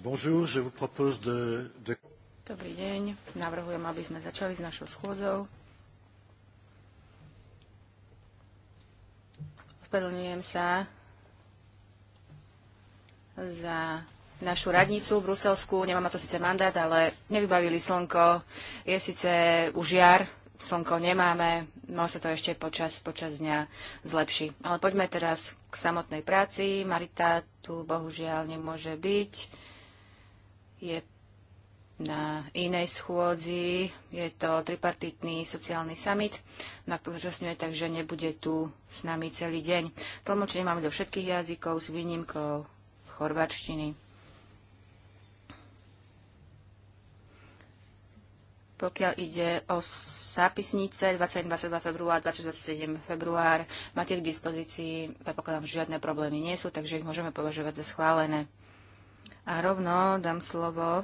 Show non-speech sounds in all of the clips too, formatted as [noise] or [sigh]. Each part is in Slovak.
Dobrý deň, navrhujem, aby sme začali s našou schôdzou. Ospravedlňujem sa za našu radnicu v Bruselsku. Nemám na to síce mandát, ale nevybavili slnko. Je síce už jar, slnko nemáme, možno sa to ešte počas, počas dňa zlepší. Ale poďme teraz k samotnej práci. Marita tu bohužiaľ nemôže byť je na inej schôdzi. Je to tripartitný sociálny summit, na ktorom zúčastňuje, takže nebude tu s nami celý deň. Tlmočenie máme do všetkých jazykov s výnimkou chorvačtiny. Pokiaľ ide o zápisnice 20, 22 február, 27 február, máte k dispozícii, predpokladám, žiadne problémy nie sú, takže ich môžeme považovať za schválené. A rovno dám slovo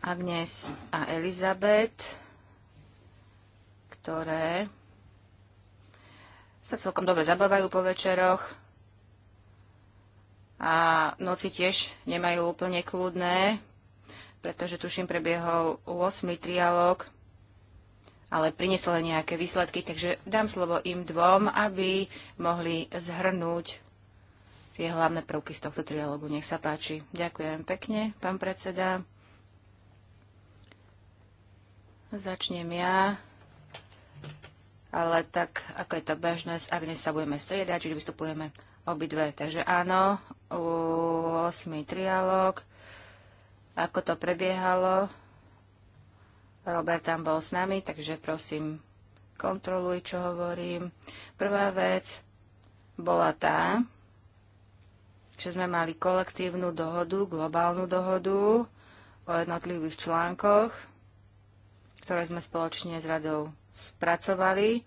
Agnes a Elizabeth, ktoré sa celkom dobre zabávajú po večeroch a noci tiež nemajú úplne kľudné, pretože tuším prebiehol 8. trialog, ale priniesol nejaké výsledky, takže dám slovo im dvom, aby mohli zhrnúť tie hlavné prvky z tohto trialogu. Nech sa páči. Ďakujem pekne, pán predseda. Začnem ja. Ale tak, ako je to bežné, s dnes sa budeme striedať, čiže vystupujeme obidve. Takže áno, 8. trialóg, ako to prebiehalo. Robert tam bol s nami, takže prosím, kontroluj, čo hovorím. Prvá vec bola tá, že sme mali kolektívnu dohodu, globálnu dohodu o jednotlivých článkoch, ktoré sme spoločne s radou spracovali.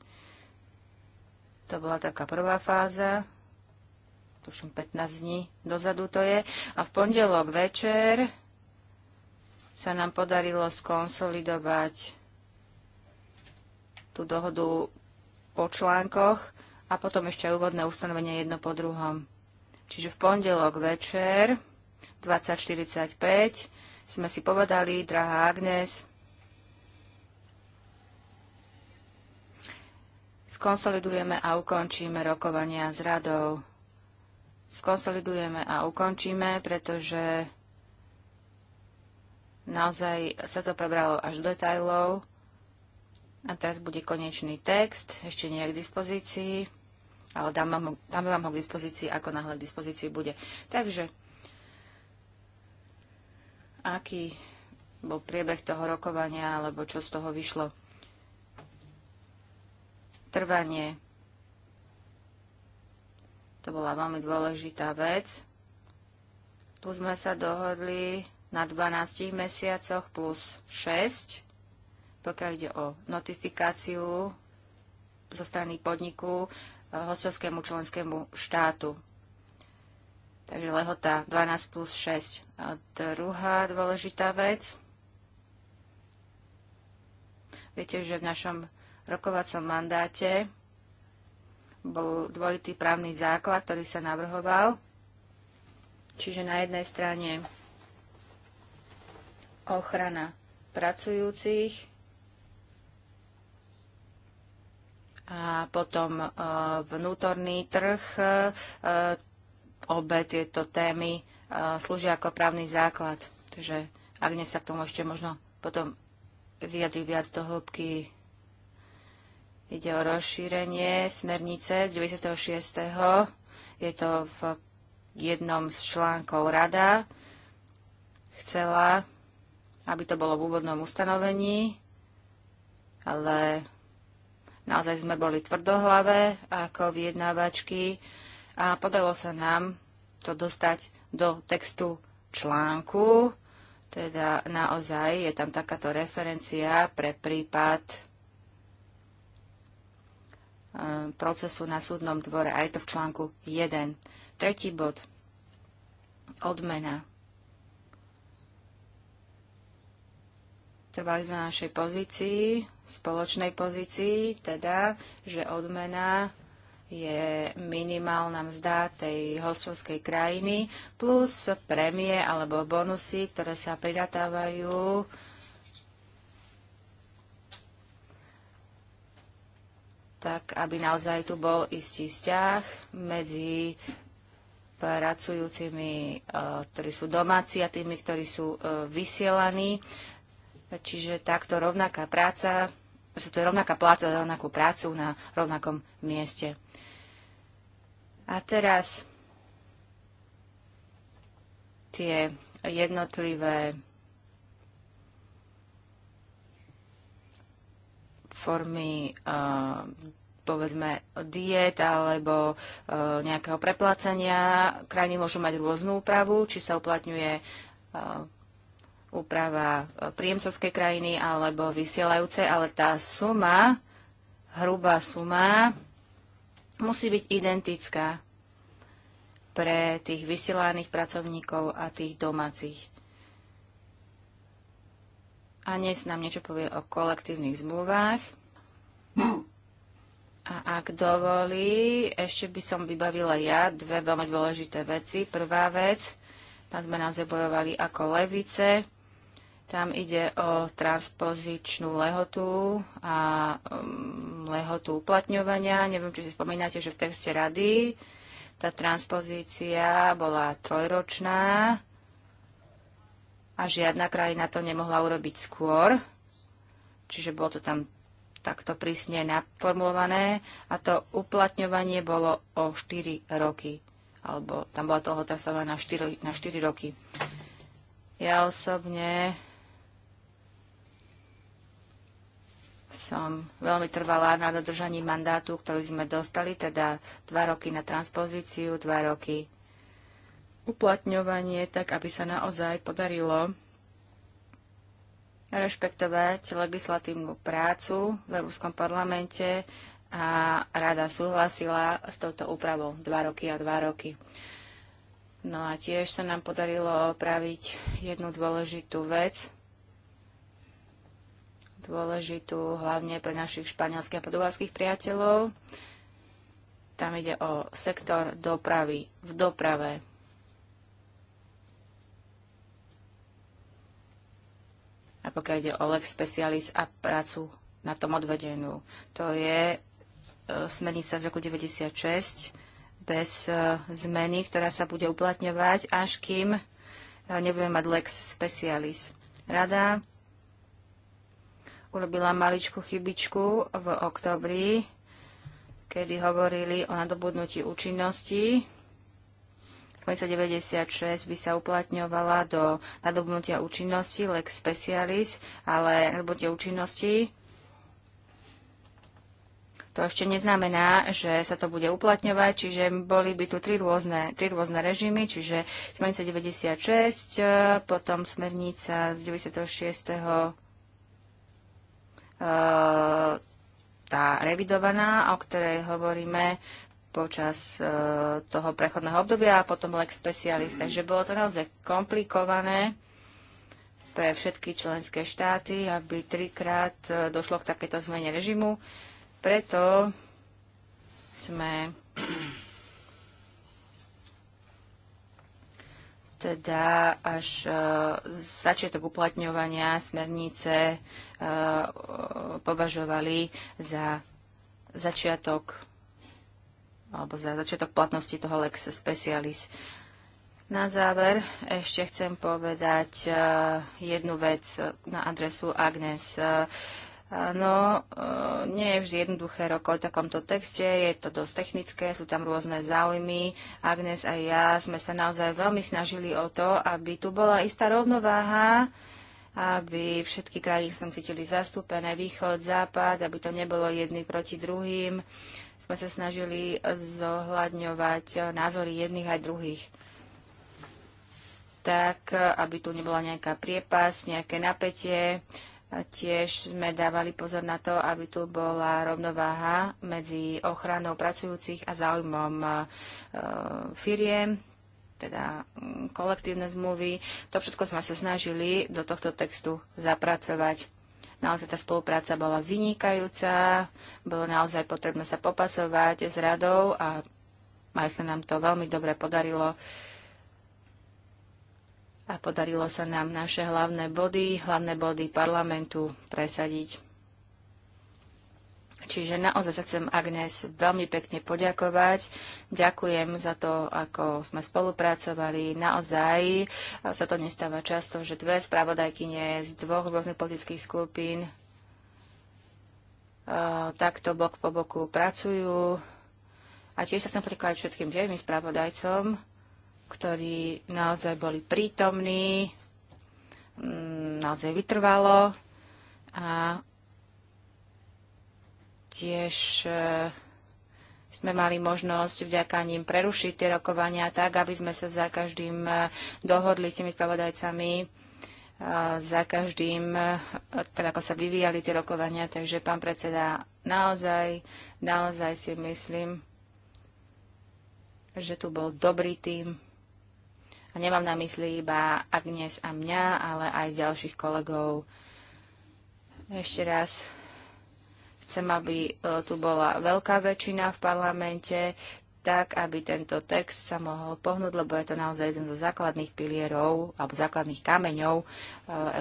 To bola taká prvá fáza, tuším 15 dní dozadu to je. A v pondelok večer sa nám podarilo skonsolidovať tú dohodu po článkoch a potom ešte úvodné ustanovenie jedno po druhom. Čiže v pondelok večer 20.45 sme si povedali, drahá Agnes, skonsolidujeme a ukončíme rokovania s radou. Skonsolidujeme a ukončíme, pretože naozaj sa to prebralo až do detajlov. A teraz bude konečný text, ešte nie je k dispozícii ale dáme vám, dáme vám ho k dispozícii, ako náhle k dispozícii bude. Takže, aký bol priebeh toho rokovania, alebo čo z toho vyšlo? Trvanie. To bola veľmi dôležitá vec. Tu sme sa dohodli na 12 mesiacoch plus 6, pokiaľ ide o notifikáciu zo strany podniku hostovskému členskému štátu. Takže lehota 12 plus 6. A druhá dôležitá vec. Viete, že v našom rokovacom mandáte bol dvojitý právny základ, ktorý sa navrhoval. Čiže na jednej strane ochrana pracujúcich a potom e, vnútorný trh. E, obe tieto témy e, slúžia ako právny základ. Takže ak dnes sa k tomu ešte možno potom vyjadri viac do hĺbky. Ide o rozšírenie smernice z 96. Je to v jednom z článkov rada. Chcela, aby to bolo v úvodnom ustanovení, ale Naozaj sme boli tvrdohlavé ako vyjednávačky a podalo sa nám to dostať do textu článku, teda naozaj je tam takáto referencia pre prípad e, procesu na súdnom dvore a je to v článku 1. Tretí bod. Odmena. Trvali sme na našej pozícii, spoločnej pozícii, teda, že odmena je minimálna mzda tej hostovskej krajiny plus prémie alebo bonusy, ktoré sa pridatávajú tak, aby naozaj tu bol istý vzťah medzi pracujúcimi, eh, ktorí sú domáci a tými, ktorí sú eh, vysielaní. Čiže takto rovnaká práca, to je rovnaká pláca za rovnakú prácu na rovnakom mieste. A teraz tie jednotlivé formy povedzme diet alebo nejakého preplácania. Krajiny môžu mať rôznu úpravu, či sa uplatňuje úprava e, príjemcovskej krajiny alebo vysielajúce, ale tá suma, hrubá suma, musí byť identická pre tých vysielaných pracovníkov a tých domácich. A dnes nám niečo povie o kolektívnych zmluvách. A ak dovolí, ešte by som vybavila ja dve veľmi dôležité veci. Prvá vec, tam sme naozaj bojovali ako levice, tam ide o transpozičnú lehotu a um, lehotu uplatňovania. Neviem, či si spomínate, že v texte rady tá transpozícia bola trojročná a žiadna krajina to nemohla urobiť skôr. Čiže bolo to tam takto prísne naformulované a to uplatňovanie bolo o 4 roky. Alebo tam bola toho testovaná na 4, na 4 roky. Ja osobne som veľmi trvalá na dodržaní mandátu, ktorý sme dostali, teda dva roky na transpozíciu, dva roky uplatňovanie, tak aby sa naozaj podarilo rešpektovať legislatívnu prácu v Európskom parlamente a rada súhlasila s touto úpravou dva roky a dva roky. No a tiež sa nám podarilo opraviť jednu dôležitú vec, dôležitú hlavne pre našich španielských a podulárských priateľov. Tam ide o sektor dopravy v doprave. A pokiaľ ide o lex specialis a prácu na tom odvedenú, to je e, smernica z roku 96 bez e, zmeny, ktorá sa bude uplatňovať, až kým e, nebudeme mať lex specialis. Rada urobila maličku chybičku v oktobri, kedy hovorili o nadobudnutí účinnosti. 1996 by sa uplatňovala do nadobudnutia účinnosti lex specialis, ale nadobudnutie účinnosti to ešte neznamená, že sa to bude uplatňovať, čiže boli by tu tri rôzne, tri rôzne režimy, čiže smernica 96, potom smernica z 96. E, tá revidovaná, o ktorej hovoríme počas e, toho prechodného obdobia a potom lex specialis. Takže bolo to naozaj komplikované pre všetky členské štáty, aby trikrát e, došlo k takéto zmene režimu. Preto sme teda až začiatok uplatňovania smernice považovali za začiatok alebo za začiatok platnosti toho lex specialis. Na záver ešte chcem povedať e, jednu vec na adresu Agnes. E, no, e, nie je vždy jednoduché roko v takomto texte, je to dosť technické, sú tam rôzne záujmy. Agnes a ja sme sa naozaj veľmi snažili o to, aby tu bola istá rovnováha aby všetky krajiny som cítili zastúpené, východ, západ, aby to nebolo jedný proti druhým. Sme sa snažili zohľadňovať názory jedných aj druhých tak, aby tu nebola nejaká priepas, nejaké napätie. A tiež sme dávali pozor na to, aby tu bola rovnováha medzi ochranou pracujúcich a záujmom e, firiem teda mm, kolektívne zmluvy. To všetko sme sa snažili do tohto textu zapracovať. Naozaj tá spolupráca bola vynikajúca, bolo naozaj potrebné sa popasovať s radou a aj sa nám to veľmi dobre podarilo a podarilo sa nám naše hlavné body, hlavné body parlamentu presadiť. Čiže naozaj sa chcem Agnes veľmi pekne poďakovať. Ďakujem za to, ako sme spolupracovali. Naozaj sa to nestáva často, že dve spravodajkyne z dvoch rôznych politických skupín e, takto bok po boku pracujú. A tiež sa chcem poďakovať všetkým dejovým spravodajcom, ktorí naozaj boli prítomní, mm, naozaj vytrvalo a Tiež e, sme mali možnosť vďaka ním prerušiť tie rokovania tak, aby sme sa za každým e, dohodli s tými spravodajcami, e, za každým, tak ako sa vyvíjali tie rokovania. Takže, pán predseda, naozaj, naozaj si myslím, že tu bol dobrý tým. A nemám na mysli iba Agnes a mňa, ale aj ďalších kolegov. Ešte raz Chcem, aby e, tu bola veľká väčšina v parlamente, tak, aby tento text sa mohol pohnúť, lebo je to naozaj jeden zo základných pilierov alebo základných kameňov e,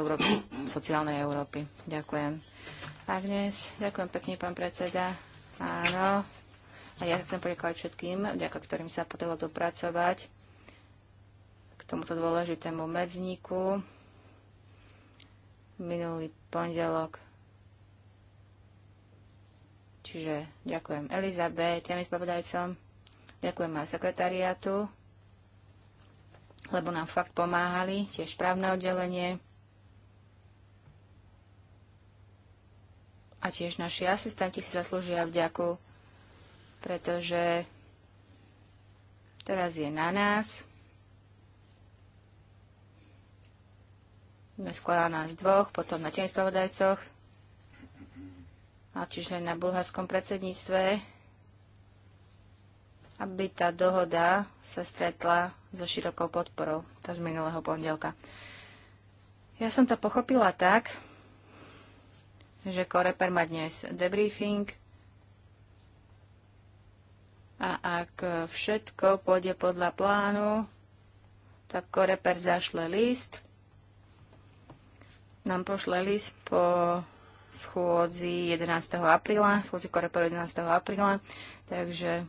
Európy, sociálnej Európy. Ďakujem. Agnes, ďakujem pekne, pán predseda. Áno. A ja chcem poďakovať všetkým, vďaka ktorým sa podelo dopracovať k tomuto dôležitému medzníku. Minulý pondelok Čiže ďakujem Elizabe, tým spravodajcom, ďakujem aj sekretariátu, lebo nám fakt pomáhali, tiež právne oddelenie a tiež naši asistenti si zaslúžia vďaku, pretože teraz je na nás. Skladá nás dvoch, potom na tieň spravodajcoch čiže na bulharskom predsedníctve, aby tá dohoda sa stretla so širokou podporou, tá z minulého pondelka. Ja som to pochopila tak, že Koreper má dnes debriefing a ak všetko pôjde podľa plánu, tak Koreper zašle list, nám pošle list po schôdzi 11. apríla, schôdzi Koreperu 11. apríla, takže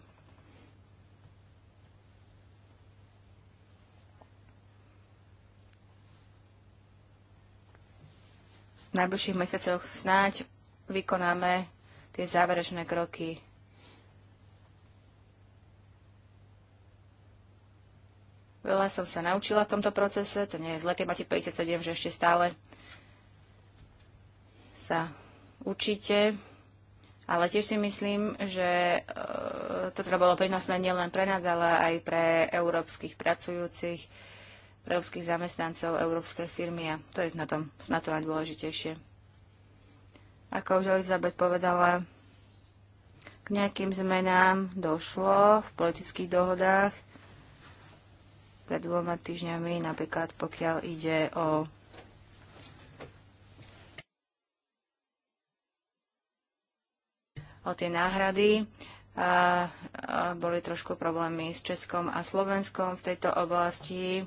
v najbližších mesiacoch snáď vykonáme tie záverečné kroky. Veľa som sa naučila v tomto procese, to nie je zle, keď máte 57, že ešte stále sa učíte, ale tiež si myslím, že e, to teda bolo prínosné nielen pre nás, ale aj pre európskych pracujúcich, pre európskych zamestnancov, európskej firmy a to je na, tom, snad to najdôležitejšie. Ako už Elizabeth povedala, k nejakým zmenám došlo v politických dohodách pred dvoma týždňami, napríklad pokiaľ ide o o tie náhrady. A, a boli trošku problémy s Českom a Slovenskom v tejto oblasti,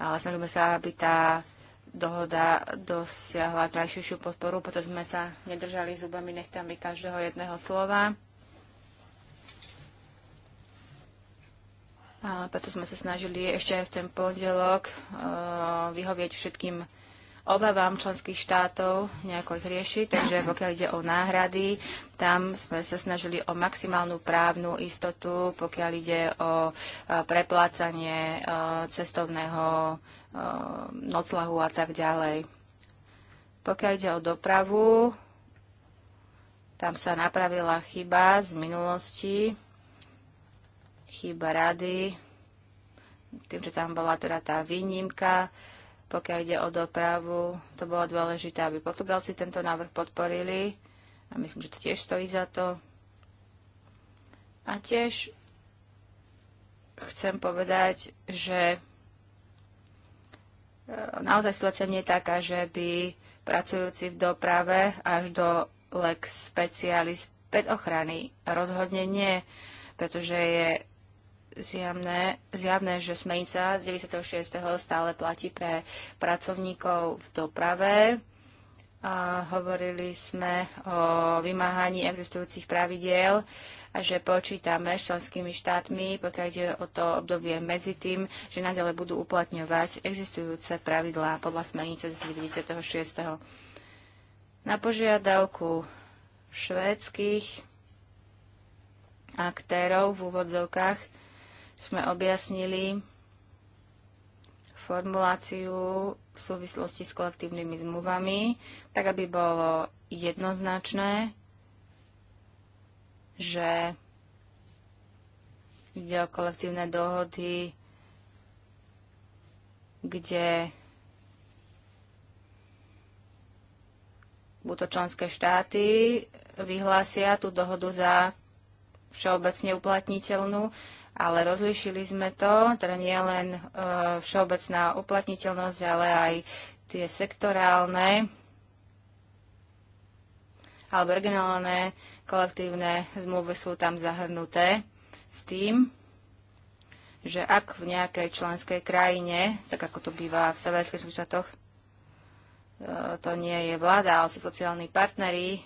ale snažíme sa, aby tá dohoda dosiahla najširšiu podporu, pretože sme sa nedržali zubami nechtami každého jedného slova. A preto sme sa snažili ešte aj v ten pondelok uh, vyhovieť všetkým obavám členských štátov nejako ich riešiť, takže pokiaľ ide o náhrady, tam sme sa snažili o maximálnu právnu istotu, pokiaľ ide o e, preplácanie e, cestovného e, noclahu a tak ďalej. Pokiaľ ide o dopravu, tam sa napravila chyba z minulosti, chyba rady, tým, že tam bola teda tá výnimka, pokiaľ ide o dopravu, to bolo dôležité, aby Portugalci tento návrh podporili a myslím, že to tiež stojí za to. A tiež chcem povedať, že e, naozaj situácia nie je taká, že by pracujúci v doprave až do lex specialis pred ochrany. Rozhodne nie, pretože je zjavné, zjavné, že smejca z 96. stále platí pre pracovníkov v doprave. A hovorili sme o vymáhaní existujúcich pravidiel a že počítame s členskými štátmi, pokiaľ ide o to obdobie medzi tým, že naďalej budú uplatňovať existujúce pravidlá podľa smernice z 96. Na požiadavku švédskych aktérov v úvodzovkách sme objasnili formuláciu v súvislosti s kolektívnymi zmluvami, tak aby bolo jednoznačné, že ide o kolektívne dohody, kde buď to členské štáty vyhlásia tú dohodu za všeobecne uplatniteľnú, ale rozlišili sme to, teda nie len e, všeobecná uplatniteľnosť, ale aj tie sektorálne alebo regionálne kolektívne zmluvy sú tam zahrnuté s tým, že ak v nejakej členskej krajine, tak ako to býva v severských súčatoch, e, to nie je vláda, ale sú sociálni partneri,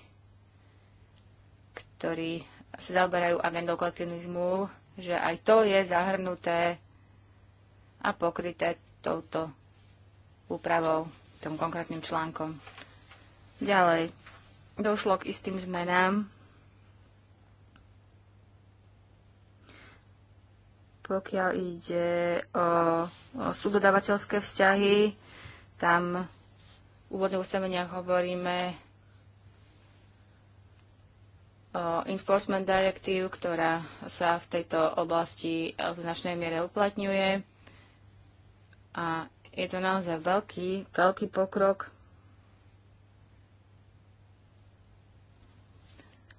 ktorí sa zaoberajú agendou kolektívnych zmluv, že aj to je zahrnuté a pokryté touto úpravou, tom konkrétnym článkom. Ďalej, došlo k istým zmenám, pokiaľ ide o, o subdodávateľské vzťahy, tam v úvodných ustanoveniach hovoríme Enforcement Directive, ktorá sa v tejto oblasti v značnej miere uplatňuje. A je to naozaj veľký, veľký pokrok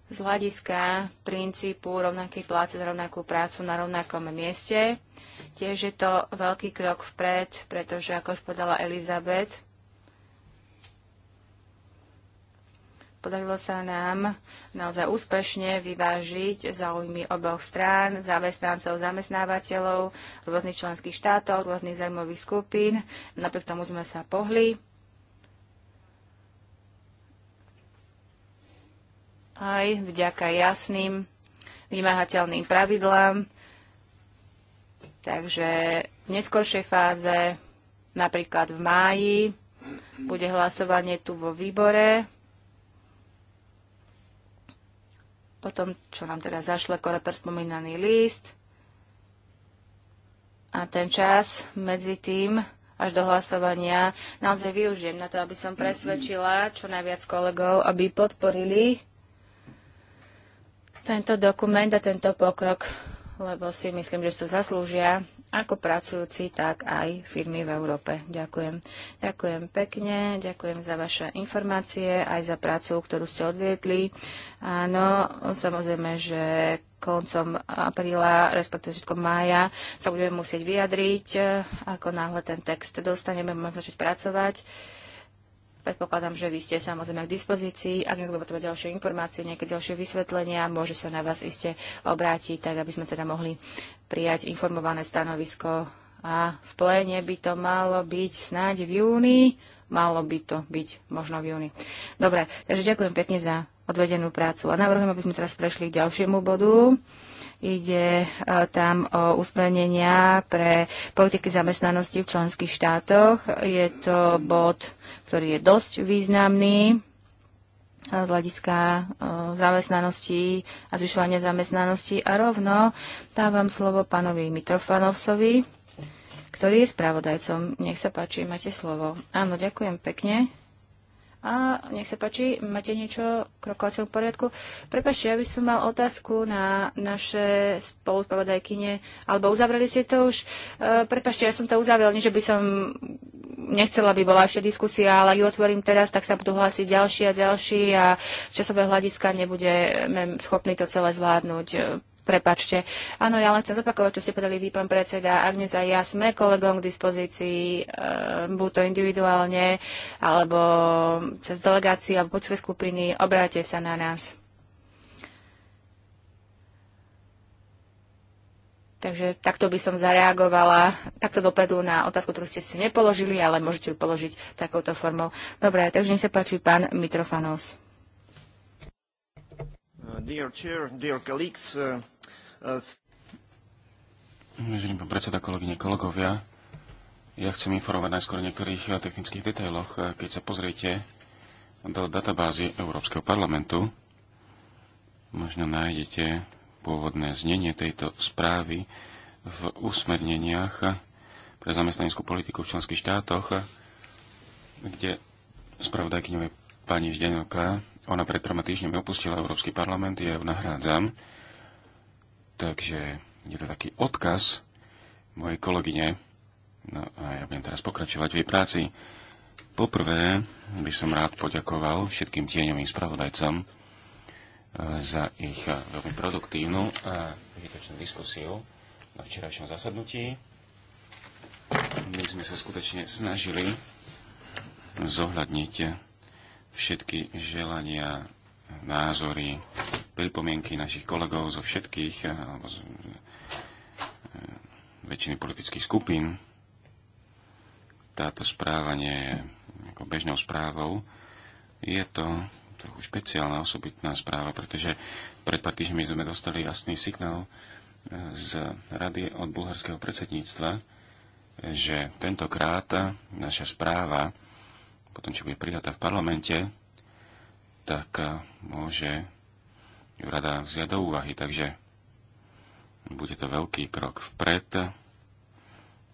z hľadiska princípu rovnakej pláce za rovnakú prácu na rovnakom mieste. Tiež je to veľký krok vpred, pretože, ako už povedala Elizabeth, Podarilo sa nám naozaj úspešne vyvážiť záujmy oboch strán, zamestnancov, zamestnávateľov, rôznych členských štátov, rôznych zaujímavých skupín. Napriek tomu sme sa pohli. Aj vďaka jasným vymáhateľným pravidlám. Takže v neskoršej fáze, napríklad v máji, bude hlasovanie tu vo výbore Potom, čo nám teda zašle koreper spomínaný list. A ten čas medzi tým až do hlasovania naozaj využijem na to, aby som presvedčila čo najviac kolegov, aby podporili tento dokument a tento pokrok, lebo si myslím, že si to zaslúžia ako pracujúci, tak aj firmy v Európe. Ďakujem. Ďakujem pekne, ďakujem za vaše informácie, aj za prácu, ktorú ste odviedli. Áno, samozrejme, že koncom apríla, respektíve všetko mája, sa budeme musieť vyjadriť, ako náhle ten text dostaneme, môžeme začať pracovať. Predpokladám, že vy ste samozrejme k dispozícii. Ak niekto potrebuje ďalšie informácie, nejaké ďalšie vysvetlenia, môže sa na vás iste obrátiť, tak aby sme teda mohli prijať informované stanovisko. A v pléne by to malo byť snáď v júni. Malo by to byť možno v júni. Dobre, takže ďakujem pekne za odvedenú prácu. A navrhujem, aby sme teraz prešli k ďalšiemu bodu. Ide e, tam o usmernenia pre politiky zamestnanosti v členských štátoch. Je to bod, ktorý je dosť významný e, z hľadiska e, zamestnanosti a zvyšovania zamestnanosti. A rovno dávam slovo pánovi Mitrofanovsovi, ktorý je spravodajcom. Nech sa páči, máte slovo. Áno, ďakujem pekne. A nech sa páči, máte niečo k rokovaciemu poriadku? Prepašte, ja by som mal otázku na naše spolupravodajkyne, alebo uzavreli ste to už? E, prepašte, ja som to uzavrel, nie že by som nechcela, aby bola ešte diskusia, ale ju otvorím teraz, tak sa budú hlásiť ďalší a ďalší a z časového hľadiska nebudeme schopní to celé zvládnuť Prepačte. Áno, ja len chcem zopakovať, čo ste povedali vy, pán predseda. Agnes a ja sme kolegom k dispozícii, eh, buď to individuálne, alebo cez delegáciu, alebo cez skupiny. Obráte sa na nás. Takže takto by som zareagovala, takto dopredu na otázku, ktorú ste si nepoložili, ale môžete ju položiť takouto formou. Dobre, takže nech sa páči pán Mitrofanos. Uh, dear chair, dear colleagues, uh... Vážený pán predseda, kolegyne, kolegovia, ja chcem informovať najskôr o niektorých eh, technických detailoch. Eh, keď sa pozriete do databázy Európskeho parlamentu, možno nájdete pôvodné znenie tejto správy v usmerneniach pre zamestnaneckú politiku v členských štátoch, kde spravodajkyňové je pani Ždenovka. Ona pred troma týždňami opustila Európsky parlament, ja ju nahrádzam Takže je to taký odkaz mojej kolegyne. No a ja budem teraz pokračovať v jej práci. Poprvé by som rád poďakoval všetkým tieňovým spravodajcom eh, za ich eh, veľmi produktívnu a vytočnú diskusiu na včerajšom zasadnutí. My sme sa skutočne snažili zohľadniť všetky želania, názory, pripomienky našich kolegov zo všetkých, eh, alebo z eh, väčšiny politických skupín. Táto správa nie je ako bežnou správou. Je to trochu špeciálna, osobitná správa, pretože pred pár týždňami sme dostali jasný signál eh, z rady od bulharského predsedníctva, že tentokrát naša správa, potom čo bude prijatá v parlamente, tak môže ju rada vzia do úvahy, takže bude to veľký krok vpred,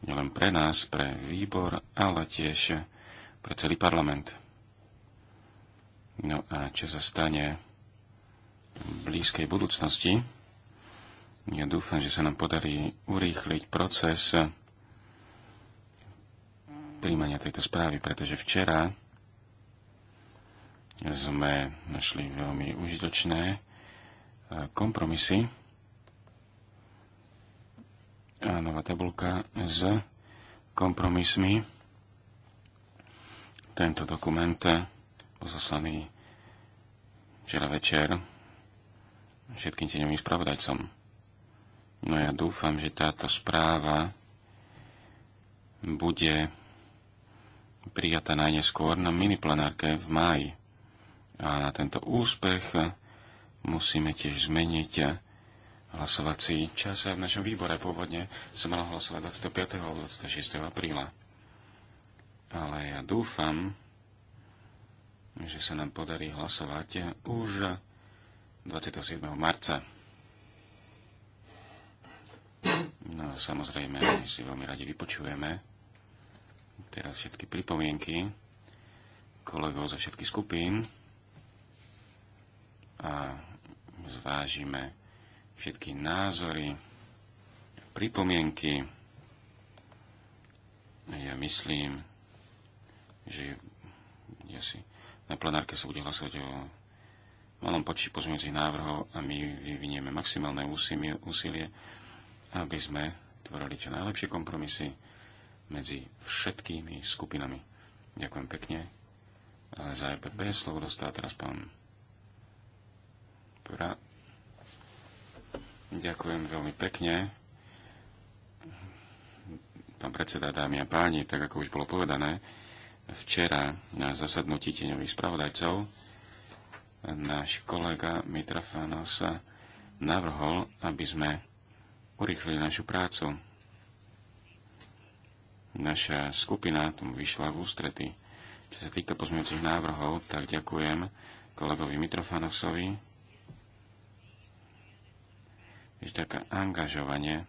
nielen pre nás, pre výbor, ale tiež pre celý parlament. No a čo sa stane v blízkej budúcnosti? Ja dúfam, že sa nám podarí urýchliť proces príjmania tejto správy, pretože včera sme našli veľmi užitočné kompromisy. A nová tabulka s kompromismi. Tento dokument bol zaslaný včera večer všetkým tieňovým spravodajcom. No ja dúfam, že táto správa bude prijatá najneskôr na miniplanárke v máji. A na tento úspech musíme tiež zmeniť hlasovací čas. V našom výbore pôvodne sa malo hlasovať 25. alebo 26. apríla. Ale ja dúfam, že sa nám podarí hlasovať už 27. marca. No a samozrejme, si veľmi radi vypočujeme teraz všetky pripomienky kolegov zo všetkých skupín a zvážime všetky názory, pripomienky. Ja myslím, že ja si na plenárke sa bude hlasovať o malom počí pozmeňujúcich návrhov a my vyvinieme maximálne úsilie, aby sme tvorili čo najlepšie kompromisy medzi všetkými skupinami. Ďakujem pekne. A za EPP slovo dostá teraz pán pra... Ďakujem veľmi pekne. Pán predseda, dámy a páni, tak ako už bolo povedané, včera na zasadnutí tieňových spravodajcov náš kolega Mitra sa navrhol, aby sme urýchlili našu prácu. Naša skupina tomu vyšla v ústrety. Čo sa týka pozmeňujúcich návrhov, tak ďakujem kolegovi Mitrofanovsovi, že také angažovanie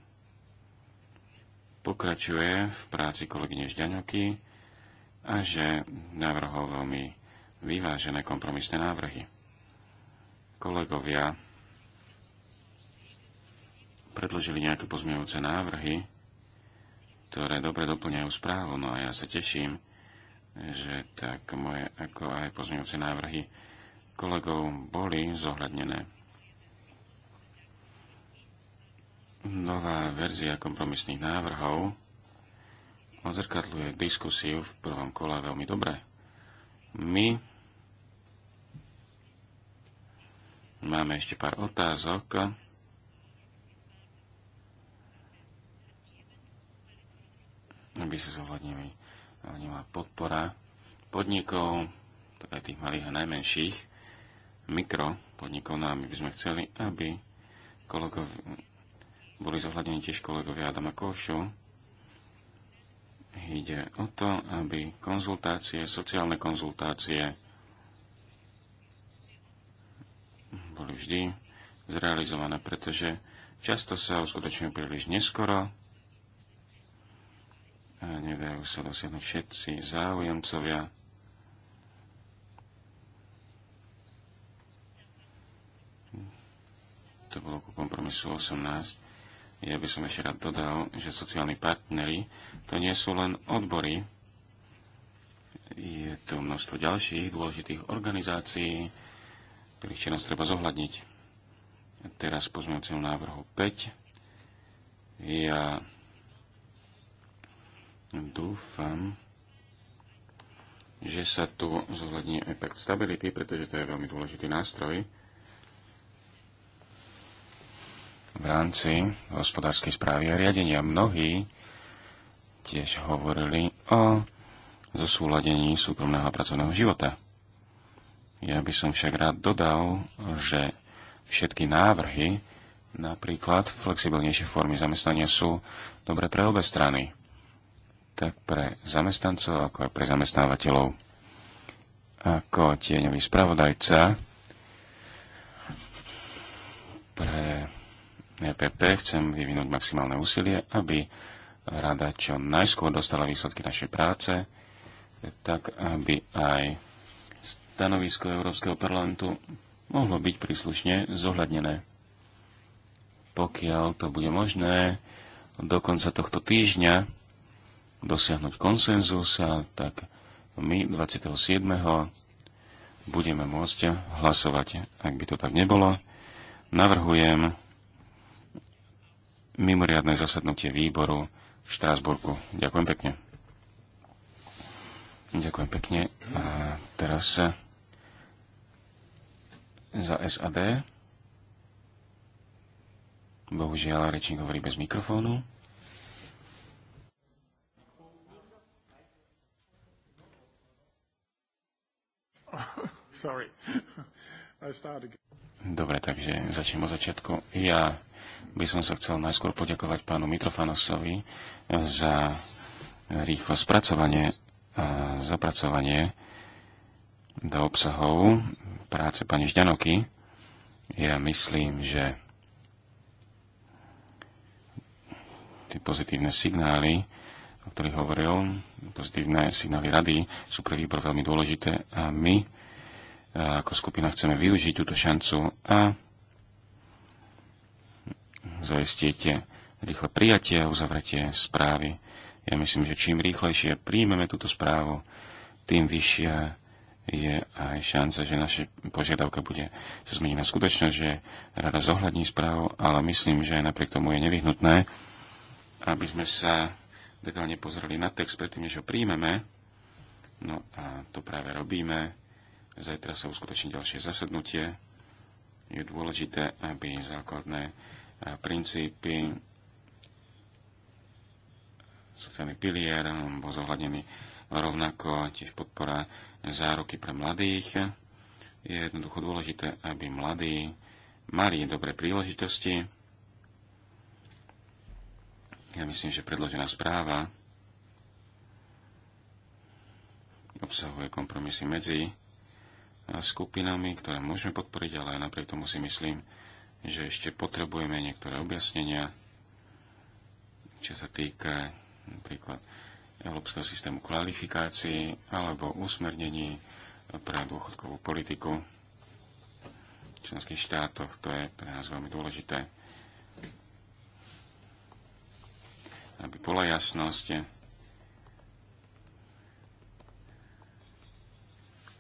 pokračuje v práci kolegyne Žďaňoky a že navrhol veľmi vyvážené kompromisné návrhy. Kolegovia predložili nejaké pozmeňujúce návrhy, ktoré dobre doplňajú správu, no a ja sa teším, že tak moje ako aj pozmeňujúce návrhy kolegov boli zohľadnené. Nová verzia kompromisných návrhov odzrkadľuje diskusiu v prvom kole veľmi dobre. My máme ešte pár otázok. aby sa zohľadnili podpora podnikov, tak aj tých malých a najmenších mikropodnikov, no a my by sme chceli, aby boli zohľadení tiež kolegovia Adama Košu. Ide o to, aby konzultácie, sociálne konzultácie boli vždy zrealizované, pretože často sa uskutočňujú príliš neskoro a nedajú sa dosiahnuť všetci záujemcovia. to bolo ku kompromisu 18. Ja by som ešte rád dodal, že sociálni partnery to nie sú len odbory, je tu množstvo ďalších dôležitých organizácií, ktorých činnosť treba zohľadniť. A teraz pozmeňujúcemu návrhu 5. Ja dúfam, že sa tu zohľadní efekt stability, pretože to je veľmi dôležitý nástroj, v rámci hospodárskej správy a riadenia. Mnohí tiež hovorili o zosúladení súkromného a pracovného života. Ja by som však rád dodal, že všetky návrhy, napríklad flexibilnejšie formy zamestnania, sú dobre pre obe strany. Tak pre zamestnancov, ako aj pre zamestnávateľov. Ako tieňový spravodajca pre EPP chcem vyvinúť maximálne úsilie, aby rada čo najskôr dostala výsledky našej práce, tak aby aj stanovisko Európskeho parlamentu mohlo byť príslušne zohľadnené. Pokiaľ to bude možné, do konca tohto týždňa dosiahnuť konsenzus, tak my 27. budeme môcť hlasovať. Ak by to tak nebolo, navrhujem mimoriadne zasadnutie výboru v Štrásburgu. Ďakujem pekne. Ďakujem pekne. A teraz za SAD. Bohužiaľ, rečník hovorí bez mikrofónu. Dobre, takže začnem od začiatku. Ja by som sa chcel najskôr poďakovať pánu Mitrofanosovi eh, za rýchlo spracovanie a eh, zapracovanie do obsahov práce pani Žďanoky. Ja myslím, že tie pozitívne signály, o ktorých hovoril, pozitívne signály rady sú pre výbor veľmi dôležité a my eh, ako skupina chceme využiť túto šancu a zaistíte rýchle prijatie a uzavretie správy. Ja myslím, že čím rýchlejšie príjmeme túto správu, tým vyššia je aj šanca, že naša požiadavka bude sa zmeniť na no, skutočnosť, že rada zohľadní správu, ale myslím, že aj napriek tomu je nevyhnutné, aby sme sa detálne pozreli na text predtým, než ho príjmeme. No a to práve robíme. Zajtra sa uskutoční ďalšie zasadnutie. Je dôležité, aby základné princípy, sociálny pilier bol zohľadený rovnako tiež podpora záruky pre mladých. Je jednoducho dôležité, aby mladí mali dobré príležitosti. Ja myslím, že predložená správa obsahuje kompromisy medzi skupinami, ktoré môžeme podporiť, ale napriek tomu si myslím, že ešte potrebujeme niektoré objasnenia, čo sa týka napríklad Európskeho systému kvalifikácií alebo usmernení pre dôchodkovú politiku v členských štátoch. To je pre nás veľmi dôležité. Aby bola jasnosť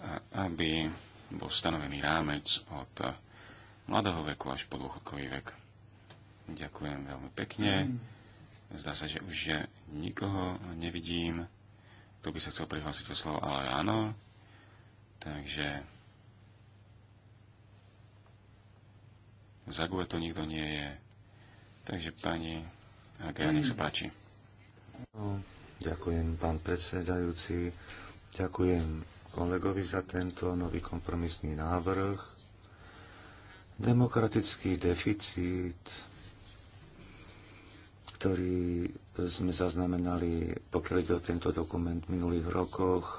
a aby bol stanovený rámec od mladého veku až po dôchodkový vek. Ďakujem veľmi pekne. Zdá sa, že už je nikoho nevidím. Tu by sa chcel prihlásiť o slovo, ale áno. Takže Za to nikto nie je. Takže pani Agia, nech sa páči. No, ďakujem, pán predsedajúci. Ďakujem kolegovi za tento nový kompromisný návrh Demokratický deficit, ktorý sme zaznamenali, pokiaľ ide o tento dokument v minulých rokoch, e,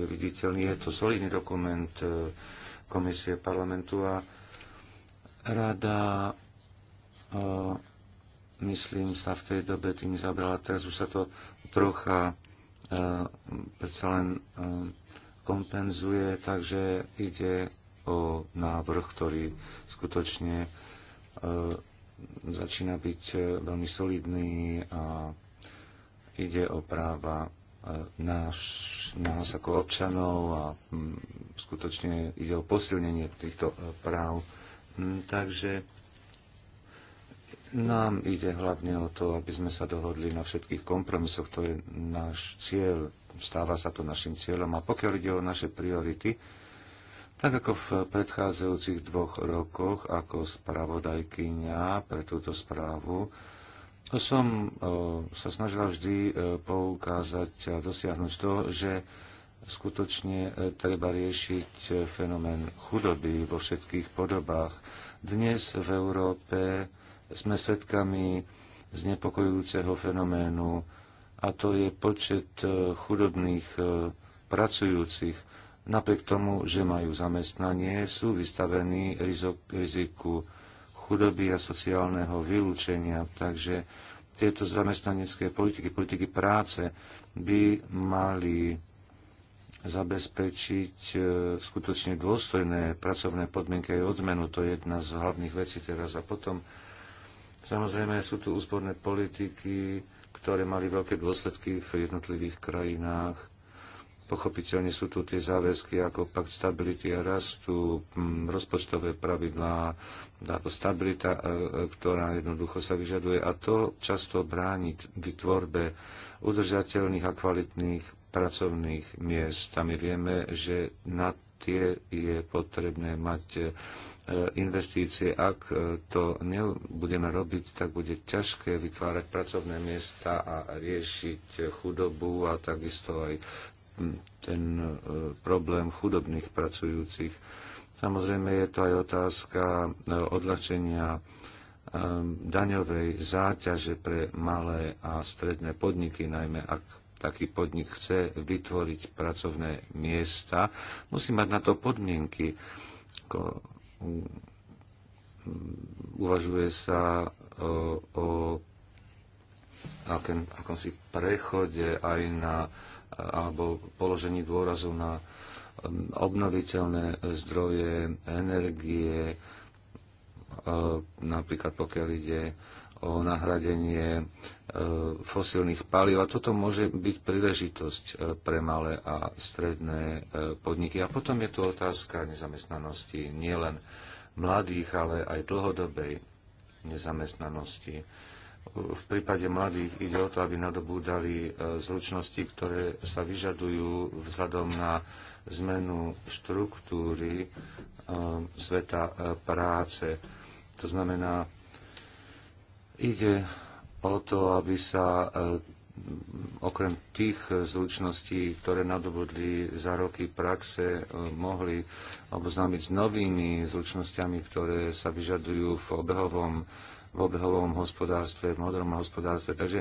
je viditeľný. Je to solidný dokument e, Komisie parlamentu a rada, e, myslím, sa v tej dobe tým zabrala. Teraz už sa to trocha predsa len kompenzuje, takže ide o návrh, ktorý skutočne e, začína byť e, veľmi solidný a ide o práva e, náš, nás ako občanov a skutočne ide o posilnenie týchto práv. Takže nám ide hlavne o to, aby sme sa dohodli na všetkých kompromisoch. To je náš cieľ, stáva sa to našim cieľom. A pokiaľ ide o naše priority, tak ako v predchádzajúcich dvoch rokoch, ako spravodajkyňa pre túto správu, to som e, sa snažila vždy e, poukázať a dosiahnuť to, že skutočne e, treba riešiť fenomén chudoby vo všetkých podobách. Dnes v Európe sme svedkami znepokojujúceho fenoménu a to je počet chudobných pracujúcich napriek tomu, že majú zamestnanie, sú vystavení riziku chudoby a sociálneho vylúčenia. Takže tieto zamestnanecké politiky, politiky práce by mali zabezpečiť e, skutočne dôstojné pracovné podmienky aj odmenu. To je jedna z hlavných vecí teraz. A potom samozrejme sú tu úsporné politiky, ktoré mali veľké dôsledky v jednotlivých krajinách Pochopiteľne sú tu tie záväzky ako pakt stability a rastu, mm, rozpočtové pravidlá, stabilita, e, e, ktorá jednoducho sa vyžaduje. A to často bráni vytvorbe udržateľných a kvalitných pracovných miest. A my vieme, že na tie je potrebné mať e, investície. Ak to nebudeme robiť, tak bude ťažké vytvárať pracovné miesta a riešiť chudobu a takisto aj ten e, problém chudobných pracujúcich. Samozrejme je to aj otázka e, odlačenia e, daňovej záťaže pre malé a stredné podniky, najmä ak taký podnik chce vytvoriť pracovné miesta, musí mať na to podmienky. Uvažuje sa o, o akomsi prechode aj na alebo položení dôrazu na um, obnoviteľné zdroje energie, uh, napríklad pokiaľ ide o nahradenie uh, fosílnych palív. A toto môže byť príležitosť uh, pre malé a stredné podniky. A potom je tu otázka nezamestnanosti nielen mladých, ale aj dlhodobej nezamestnanosti v prípade mladých ide o to, aby nadobúdali e, zručnosti, ktoré sa vyžadujú vzhľadom na zmenu štruktúry e, sveta e, práce. To znamená, ide o to, aby sa okrem tých zručností, ktoré nadobudli za roky praxe, mohli oboznámiť s novými zručnosťami, ktoré sa vyžadujú v obehovom v obehovom hospodárstve, v modrom hospodárstve. Takže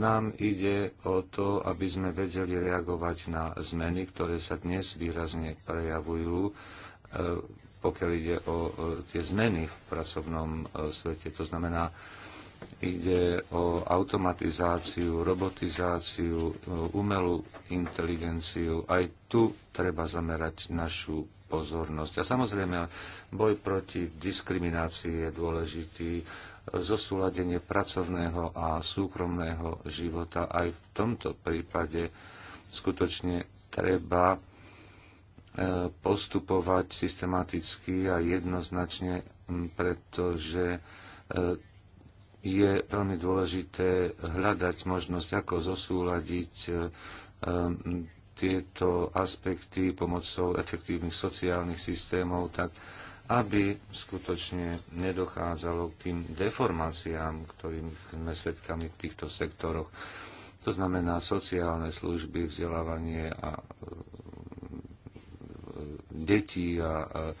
nám ide o to, aby sme vedeli reagovať na zmeny, ktoré sa dnes výrazne prejavujú, e, pokiaľ ide o e, tie zmeny v pracovnom e, svete. To znamená, ide o automatizáciu, robotizáciu, umelú inteligenciu. Aj tu treba zamerať našu pozornosť. A samozrejme, boj proti diskriminácii je dôležitý zosúladenie pracovného a súkromného života. Aj v tomto prípade skutočne treba e, postupovať systematicky a jednoznačne, pretože e, je veľmi dôležité hľadať možnosť, ako zosúľadiť e, tieto aspekty pomocou efektívnych sociálnych systémov, tak aby skutočne nedochádzalo k tým deformáciám, ktorým sme svedkami v týchto sektoroch. To znamená sociálne služby, vzdelávanie a e, e, detí a, a e,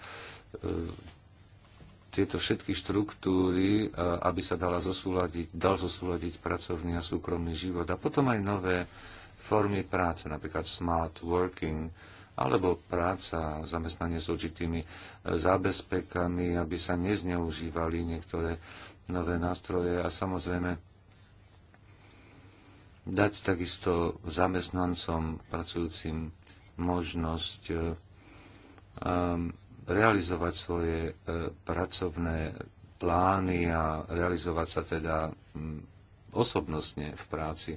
tieto všetky štruktúry, aby sa dala zosúľadiť, dal zosúľadiť pracovný a súkromný život. A potom aj nové formy práce, napríklad smart working, alebo práca, zamestnanie s určitými e, zábezpekami, aby sa nezneužívali niektoré nové nástroje a samozrejme dať takisto zamestnancom pracujúcim možnosť e, um, realizovať svoje e, pracovné plány a realizovať sa teda mm, osobnostne v práci.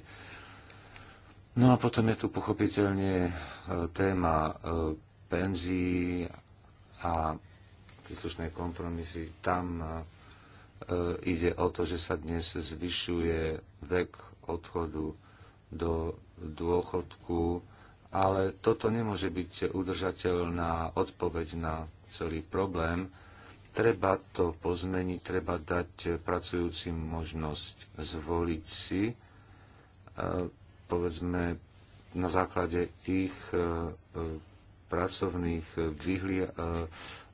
No a potom je tu pochopiteľne e, téma e, penzí a príslušné kompromisy. Tam e, ide o to, že sa dnes zvyšuje vek odchodu do dôchodku, ale toto nemôže byť udržateľná odpoveď na celý problém. Treba to pozmeniť, treba dať pracujúcim možnosť zvoliť si povedzme na základe ich e, e, pracovných e,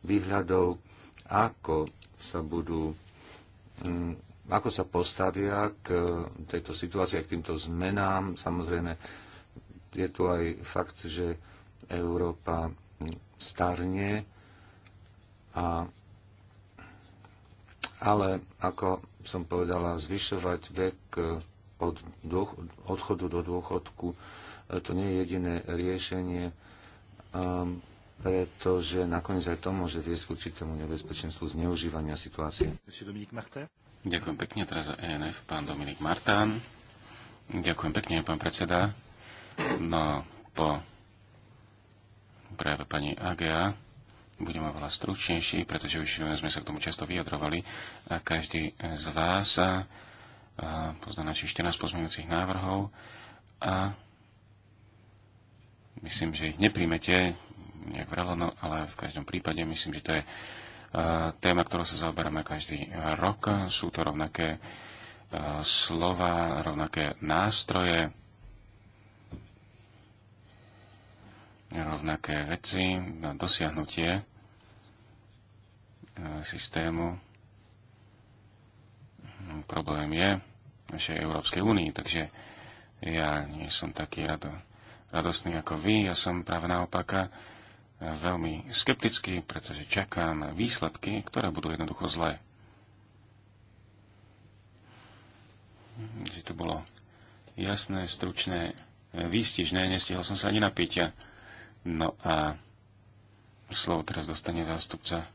výhľadov, ako sa budú mm, ako sa postavia k tejto situácii, k týmto zmenám. Samozrejme, je tu aj fakt, že Európa mm, starne, a, ale ako som povedala, zvyšovať vek od odchodu do dôchodku. E, to nie je jediné riešenie, e, pretože nakoniec aj to môže viesť k určitému nebezpečenstvu zneužívania situácie. Ďakujem pekne teraz za ENF, pán Dominik Martán. Ďakujem pekne, pán predseda. No, po práve pani AGA budeme oveľa stručnejší, pretože už sme sa k tomu často vyjadrovali a každý z vás pozná našich 14 pozmeňujúcich návrhov a myslím, že ich nepríjmete nejak vrelo, no, ale v každom prípade myslím, že to je e, téma, ktorou sa zaoberáme každý rok. Sú to rovnaké e, slova, rovnaké nástroje, rovnaké veci na dosiahnutie e, systému. Problém je, našej Európskej únii, takže ja nie som taký rado, radostný ako vy, ja som práve naopak veľmi skeptický, pretože čakám výsledky, ktoré budú jednoducho zlé. Že to bolo jasné, stručné, výstižné, nestihol som sa ani napiť. No a slovo teraz dostane zástupca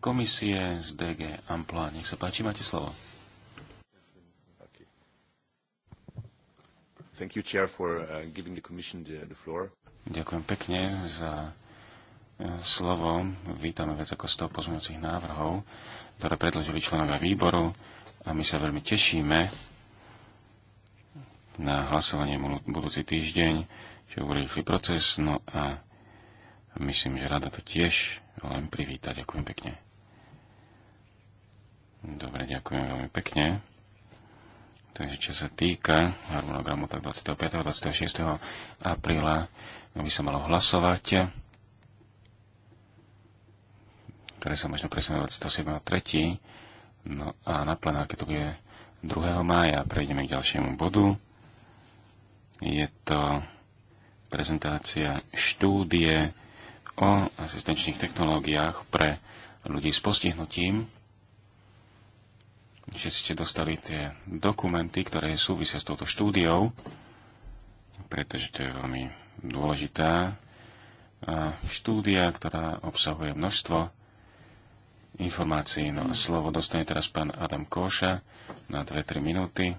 komisie z DG Ampla. Nech sa páči, máte slovo. Thank you, Chair, for uh, giving the Commission the, the floor. Ďakujem pekne za uh, slovo. Vítame viac ako 100 pozmeňujúcich návrhov, ktoré predložili členovia výboru a my sa veľmi tešíme na hlasovanie budúci týždeň, čo rýchly proces, no a myslím, že rada to tiež len privíta. Ďakujem pekne. Dobre, ďakujem veľmi pekne. Takže čo sa týka harmonogramu, tak 25. a 26. apríla by sa malo hlasovať, ktoré sa možno presunú 3. No a na plenárke to bude 2. mája. Prejdeme k ďalšiemu bodu. Je to prezentácia štúdie o asistenčných technológiách pre ľudí s postihnutím že ste dostali tie dokumenty, ktoré súvisia s touto štúdiou, pretože to je veľmi dôležitá štúdia, ktorá obsahuje množstvo informácií. No a slovo dostane teraz pán Adam Koša na 2-3 minúty.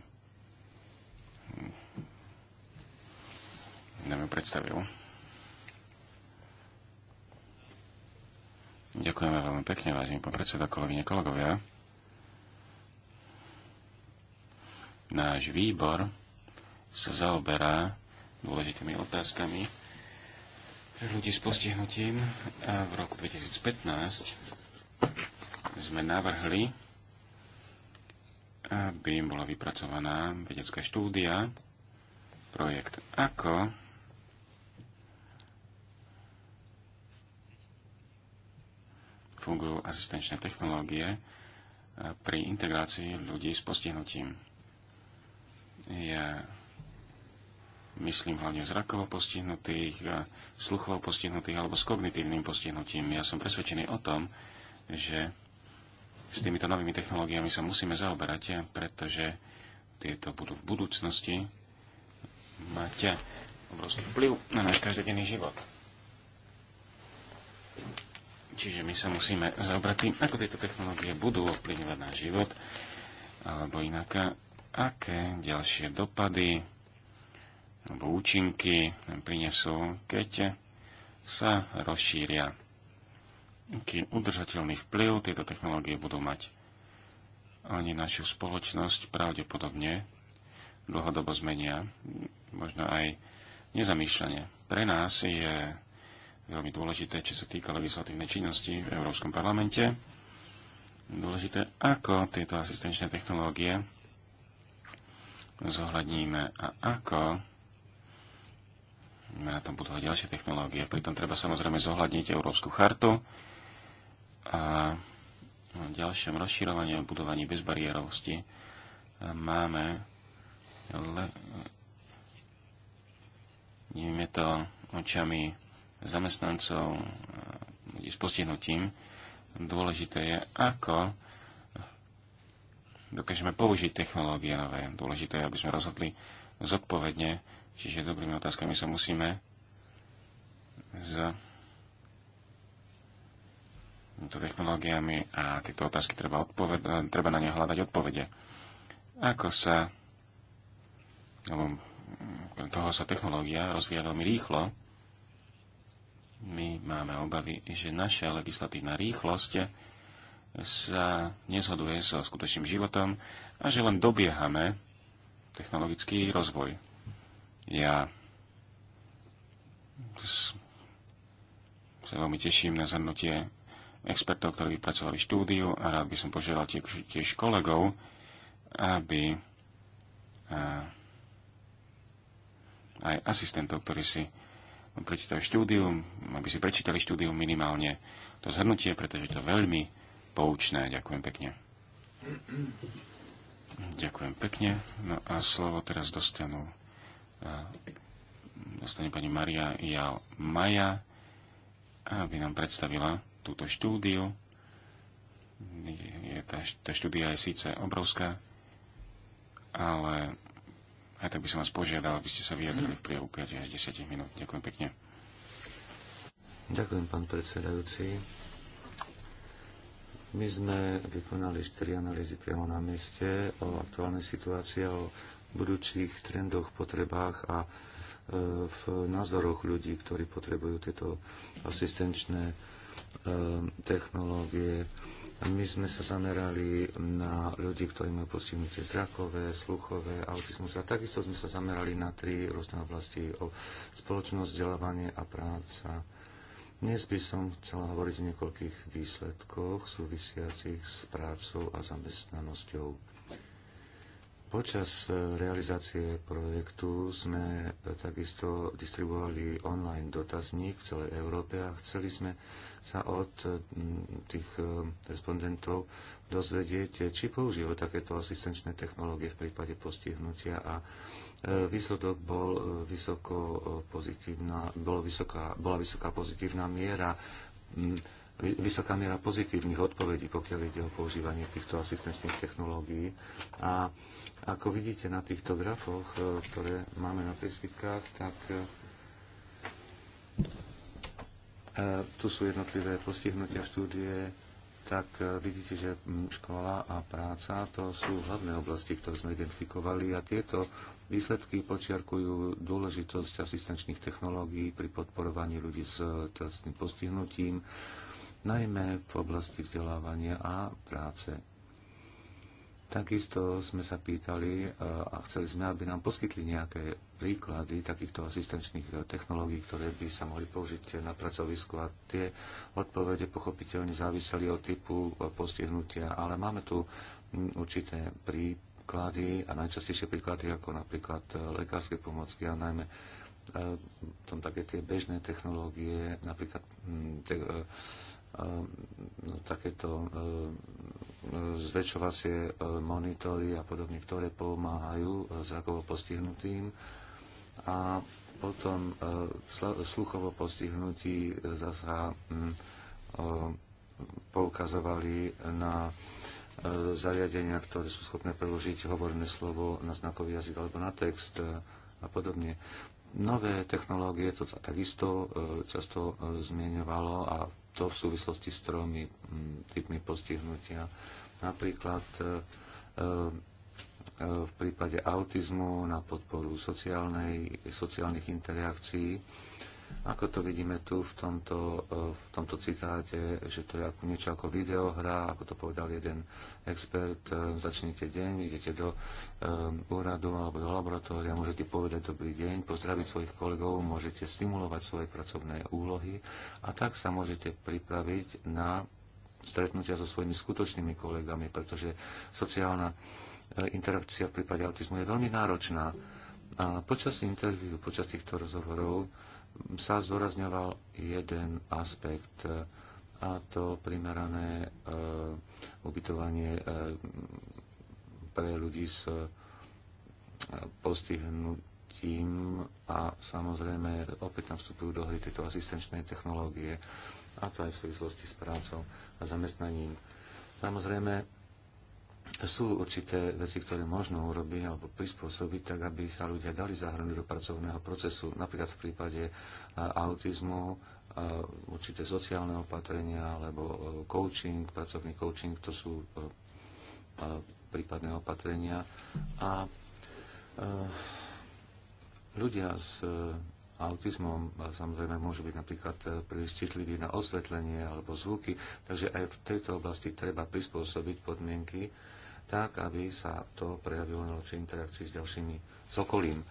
Nám ju predstavil. Ďakujeme veľmi pekne, vážení pán predseda, kolegyne, kolegovia. Náš výbor sa zaoberá dôležitými otázkami pre ľudí s postihnutím a v roku 2015 sme navrhli, aby im bola vypracovaná vedecká štúdia, projekt ako fungujú asistenčné technológie pri integrácii ľudí s postihnutím. Ja myslím hlavne zrakovo postihnutých, sluchovo postihnutých alebo s kognitívnym postihnutím. Ja som presvedčený o tom, že s týmito novými technológiami sa musíme zaoberať, pretože tieto budú v budúcnosti mať obrovský vplyv na náš každodenný život. Čiže my sa musíme zaobrať tým, ako tieto technológie budú ovplyvňovať náš život, alebo inak aké ďalšie dopady alebo účinky prinesú, keď sa rozšíria. Aký udržateľný vplyv tieto technológie budú mať. Oni našu spoločnosť pravdepodobne dlhodobo zmenia, možno aj nezamýšľanie. Pre nás je veľmi dôležité, čo sa týka legislatívnej činnosti v Európskom parlamente, dôležité, ako tieto asistenčné technológie zohľadníme a ako na tom budovať ďalšie technológie. Pritom treba samozrejme zohľadniť Európsku chartu a v ďalšom rozširovaní a budovaní bezbariérovosti máme le... Vidíme to očami zamestnancov s postihnutím. Dôležité je, ako dokážeme použiť technológie nové. Dôležité je, aby sme rozhodli zodpovedne, čiže dobrými otázkami sa musíme s týmito technológiami a tieto otázky treba, odpoved- eh, treba na ne hľadať odpovede. Ako sa, alebo hm, toho sa technológia rozvíja veľmi rýchlo, my máme obavy, že naša legislatívna rýchlosť sa nezhoduje so skutočným životom a že len dobiehame technologický rozvoj. Ja sa veľmi teším na zhrnutie expertov, ktorí vypracovali štúdiu a rád by som požiadal tiež kolegov, aby aj asistentov, ktorí si prečítajú štúdium, aby si prečítali štúdium minimálne to zhrnutie, pretože to veľmi poučné. Ďakujem pekne. Ďakujem pekne. No a slovo teraz dostanú eh, dostane pani Maria Jal Maja, aby nám predstavila túto štúdiu. Je, tá, tá štúdia je síce obrovská, ale aj tak by som vás požiadal, aby ste sa vyjadrili v priehu 5 až 10 minút. Ďakujem pekne. Ďakujem, pán predsedajúci. My sme vykonali štyri analýzy priamo na mieste o aktuálnej situácii, o budúcich trendoch, potrebách a e, v názoroch ľudí, ktorí potrebujú tieto asistenčné e, technológie. My sme sa zamerali na ľudí, ktorí majú postihnutie zrakové, sluchové, autizmus a takisto sme sa zamerali na tri rôzne oblasti o spoločnosť, vzdelávanie a práca dnes by som chcela hovoriť o niekoľkých výsledkoch súvisiacich s prácou a zamestnanosťou. Počas e, realizácie projektu sme e, takisto distribuovali online dotazník v celej Európe a chceli sme sa od e, tých respondentov dozvedieť, či používajú takéto asistenčné technológie v prípade postihnutia a E, výsledok bol e, vysoko e, pozitívna, bola vysoká, bola vysoká pozitívna miera vysoká miera pozitívnych odpovedí, pokiaľ ide o používanie týchto asistenčných technológií. A ako vidíte na týchto grafoch, ktoré máme na prísvitkách, tak tu sú jednotlivé postihnutia štúdie, tak vidíte, že škola a práca to sú hlavné oblasti, ktoré sme identifikovali a tieto Výsledky počiarkujú dôležitosť asistenčných technológií pri podporovaní ľudí s telesným postihnutím, najmä v oblasti vzdelávania a práce. Takisto sme sa pýtali e, a chceli sme, aby nám poskytli nejaké príklady takýchto asistenčných e, technológií, ktoré by sa mohli použiť na pracovisku a tie odpovede pochopiteľne záviseli od typu e, postihnutia, ale máme tu určité prípady príklady a najčastejšie príklady ako napríklad e, lekárske pomocky a najmä e, tam také tie bežné technológie, napríklad te, e, no, takéto zväčšovacie monitory a podobne, ktoré pomáhajú zrakovo postihnutým. A potom sluchovo postihnutí zasa poukazovali na zariadenia, ktoré sú schopné preložiť hovorné slovo na znakový jazyk alebo na text a podobne. Nové technológie to takisto e, často e, zmieňovalo a to v súvislosti s tromi typmi postihnutia. Napríklad e, v prípade autizmu na podporu sociálnej, sociálnych interakcií ako to vidíme tu v tomto, e, v tomto citáte, že to je ako niečo ako videohra, ako to povedal jeden expert, e, začnete deň, idete do e, úradu alebo do laboratória, môžete povedať dobrý deň, pozdraviť svojich kolegov, môžete stimulovať svoje pracovné úlohy a tak sa môžete pripraviť na stretnutia so svojimi skutočnými kolegami, pretože sociálna interakcia v prípade autizmu je veľmi náročná. A počas interviu, počas týchto rozhovorov, sa zdôrazňoval jeden aspekt a to primerané e, ubytovanie e, pre ľudí s e, postihnutím a samozrejme opäť tam vstupujú do hry tieto asistenčné technológie a to aj v súvislosti s prácou a zamestnaním. Samozrejme, sú určité veci, ktoré možno urobiť alebo prispôsobiť tak, aby sa ľudia dali zahrnúť do pracovného procesu. Napríklad v prípade e, autizmu e, určité sociálne opatrenia alebo e, coaching, pracovný coaching, to sú prípadné opatrenia. A ľudia s autizmom samozrejme môžu byť napríklad príliš citliví na osvetlenie alebo zvuky, takže aj v tejto oblasti treba prispôsobiť podmienky, tak, aby sa to prejavilo na lepšej interakcii s ďalšími, s okolím.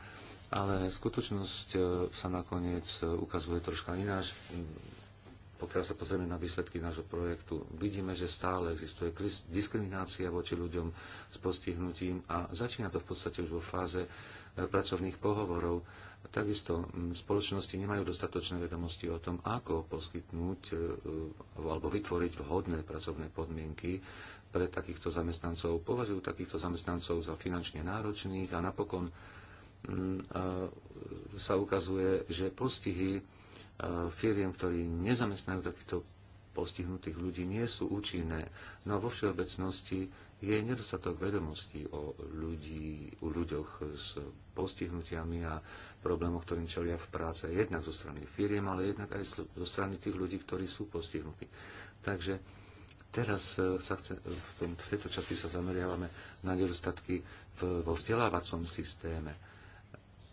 Ale skutočnosť e, sa nakoniec e, ukazuje troška ináč. Pokiaľ sa pozrieme na výsledky nášho projektu, vidíme, že stále existuje diskriminácia voči ľuďom s postihnutím a začína to v podstate už vo fáze e, pracovných pohovorov Takisto mm, spoločnosti nemajú dostatočné vedomosti o tom, ako poskytnúť e, e, alebo vytvoriť vhodné pracovné podmienky pre takýchto zamestnancov. Považujú takýchto zamestnancov za finančne náročných a napokon mm, e, sa ukazuje, že postihy firiem, ktorí nezamestnajú takýchto postihnutých ľudí, nie sú účinné. No a vo všeobecnosti je nedostatok vedomostí o ľudí, o ľuďoch s postihnutiami a problémoch, ktorým čelia v práce, jednak zo strany firiem, ale jednak aj zo strany tých ľudí, ktorí sú postihnutí. Takže teraz e, sa chce, v, tom, v tejto časti sa zameriavame na nedostatky v, vo vzdelávacom systéme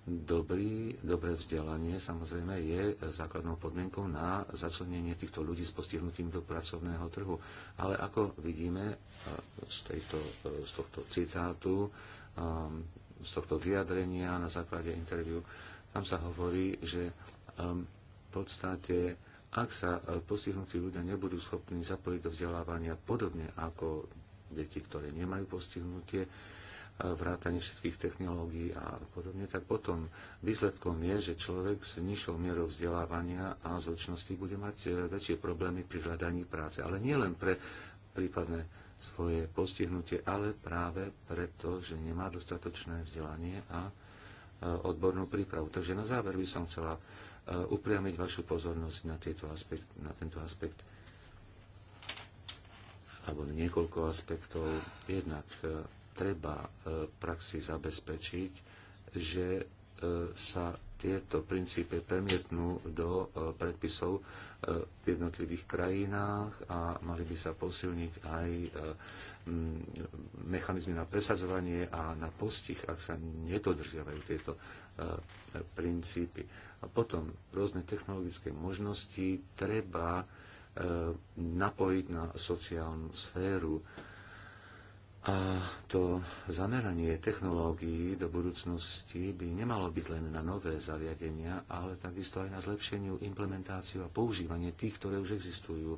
Dobrý, dobré vzdelanie samozrejme je základnou podmienkou na začlenenie týchto ľudí s postihnutím do pracovného trhu. Ale ako vidíme e, z, tejto, e, z tohto citátu, e, z tohto vyjadrenia na základe interviu, tam sa hovorí, že v podstate ak sa postihnutí ľudia nebudú schopní zapojiť do vzdelávania podobne ako deti, ktoré nemajú postihnutie, vrátanie všetkých technológií a podobne, tak potom výsledkom je, že človek s nižšou mierou vzdelávania a zločnosti bude mať e, väčšie problémy pri hľadaní práce. Ale nielen pre prípadné svoje postihnutie, ale práve preto, že nemá dostatočné vzdelanie a e, odbornú prípravu. Takže na záver by som chcela e, upriamiť vašu pozornosť na, tieto aspekt, na tento aspekt alebo niekoľko aspektov. Jednak treba e, v praxi zabezpečiť, že e, sa tieto princípy premietnú do e, predpisov v jednotlivých krajinách a mali by sa posilniť aj mechanizmy na presadzovanie a na postih, ak sa nedodržiavajú tieto princípy. A potom rôzne technologické možnosti treba napojiť na sociálnu sféru a to zameranie technológií do budúcnosti by nemalo byť len na nové zariadenia, ale takisto aj na zlepšeniu implementáciu a používanie tých, ktoré už existujú.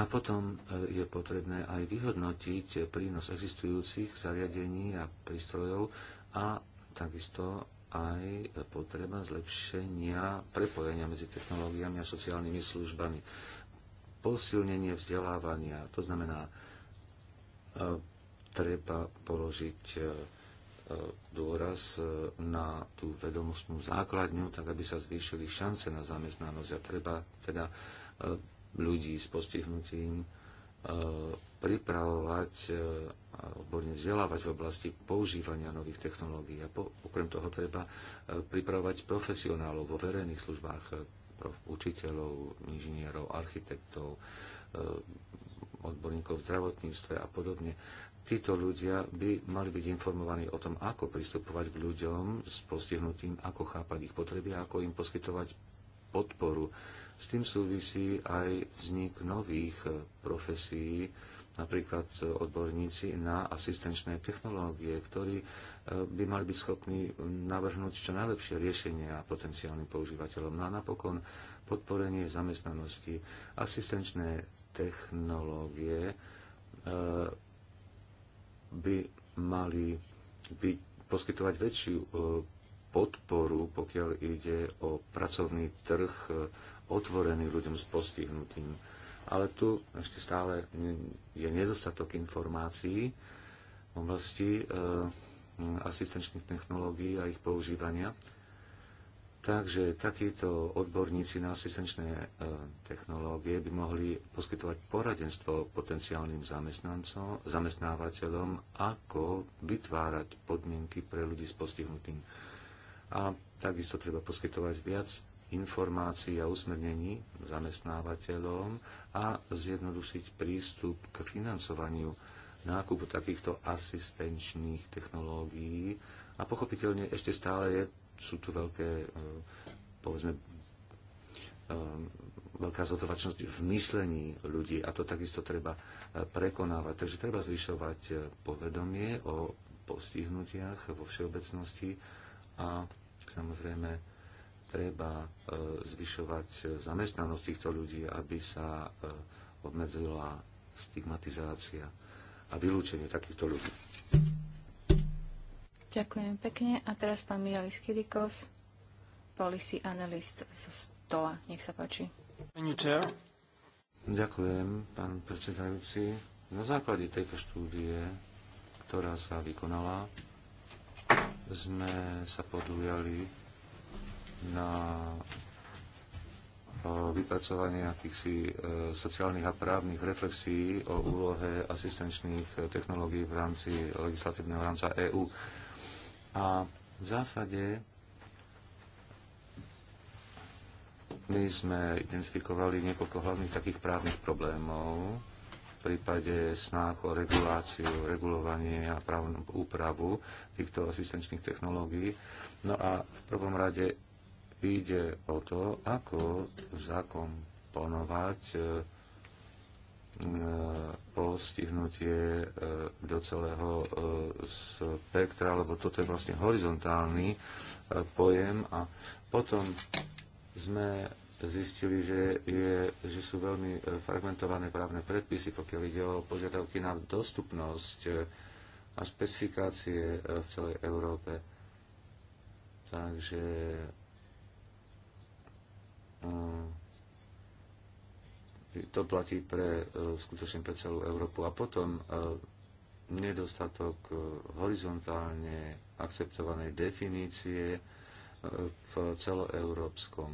A potom e, je potrebné aj vyhodnotiť prínos existujúcich zariadení a prístrojov a takisto aj potreba zlepšenia prepojenia medzi technológiami a sociálnymi službami. Posilnenie vzdelávania, to znamená treba položiť e, e, dôraz e, na tú vedomostnú základňu, tak aby sa zvýšili šance na zamestnanosť a treba teda ľudí s postihnutím pripravovať, odborne vzdelávať v oblasti používania nových technológií. A po, okrem toho treba pripravovať profesionálov vo verejných službách, učiteľov, inžinierov, architektov, odborníkov v zdravotníctve a podobne. Títo ľudia by mali byť informovaní o tom, ako pristupovať k ľuďom s postihnutím, ako chápať ich potreby a ako im poskytovať podporu. S tým súvisí aj vznik nových eh, profesí, napríklad eh, odborníci na asistenčné technológie, ktorí eh, by mali byť schopní mm, navrhnúť čo najlepšie riešenia potenciálnym používateľom. No a napokon podporenie zamestnanosti. Asistenčné technológie e, by mali byť, poskytovať väčšiu e, podporu, pokiaľ ide o pracovný trh e, otvorený ľuďom s postihnutím. Ale tu ešte stále je nedostatok informácií v oblasti asistenčných technológií a ich používania. Takže takíto odborníci na asistenčné e, technológie by mohli poskytovať poradenstvo potenciálnym zamestnancom, zamestnávateľom, ako vytvárať podmienky pre ľudí s postihnutým. A takisto treba poskytovať viac informácií a usmernení zamestnávateľom a zjednodušiť prístup k financovaniu nákupu takýchto asistenčných technológií. A pochopiteľne ešte stále je sú tu veľké, e, povedzme, e, veľká zotrvačnosť v myslení ľudí a to takisto treba e, prekonávať. Takže treba zvyšovať povedomie o postihnutiach vo všeobecnosti a samozrejme treba zvyšovať zamestnanosť týchto ľudí, aby sa obmedzila stigmatizácia a vylúčenie takýchto ľudí. Ďakujem pekne. A teraz pán Mijalis Kidikos, policy analyst zo STOA. Nech sa páči. Ďakujem, pán predsedajúci. Na základe tejto štúdie, ktorá sa vykonala, sme sa podujali na vypracovanie akýchsi e, sociálnych a právnych reflexí o úlohe asistenčných technológií v rámci legislatívneho rámca EÚ. A v zásade my sme identifikovali niekoľko hlavných takých právnych problémov v prípade snách o reguláciu, regulovanie a právnu úpravu týchto asistenčných technológií. No a v prvom rade ide o to, ako zakomponovať e, Eh, postihnutie eh, do celého eh, spektra, lebo toto je vlastne horizontálny pojem a potom sme zistili, že, je, že sú veľmi fragmentované právne predpisy, pokiaľ ide o požiadavky na dostupnosť a špecifikácie v celej Európe. Takže um, to platí pre, e, skutočne pre celú Európu. A potom e, nedostatok e, horizontálne akceptovanej definície v celoeurópskom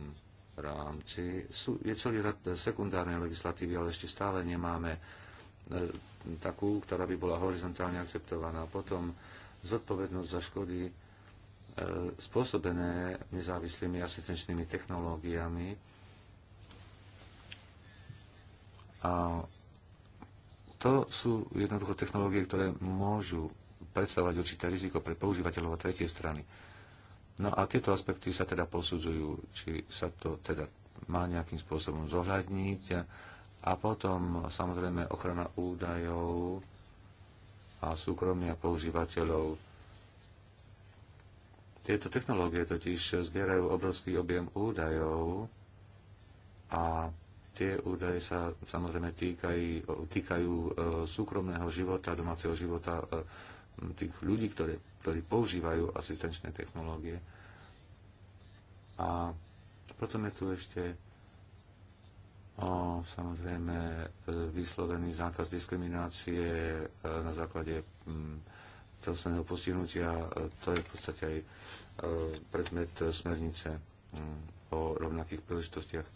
rámci. Sú, je celý rad sekundárnej legislatívy, ale ešte stále nemáme takú, ktorá by bola horizontálne akceptovaná. Potom zodpovednosť za škody spôsobené nezávislými asistenčnými technológiami A to sú jednoducho technológie, ktoré môžu predstavovať určité riziko pre používateľov a tretej strany. No a tieto aspekty sa teda posudzujú, či sa to teda má nejakým spôsobom zohľadniť. A potom samozrejme ochrana údajov a súkromia používateľov. Tieto technológie totiž zbierajú obrovský objem údajov a Tie údaje sa samozrejme týkajú, týkajú e, súkromného života, domáceho života e, tých ľudí, ktoré, ktorí používajú asistenčné technológie. A potom je tu ešte o, samozrejme e, vyslovený zákaz diskriminácie na základe telesného postihnutia. To je v podstate aj predmet smernice o rovnakých príležitostiach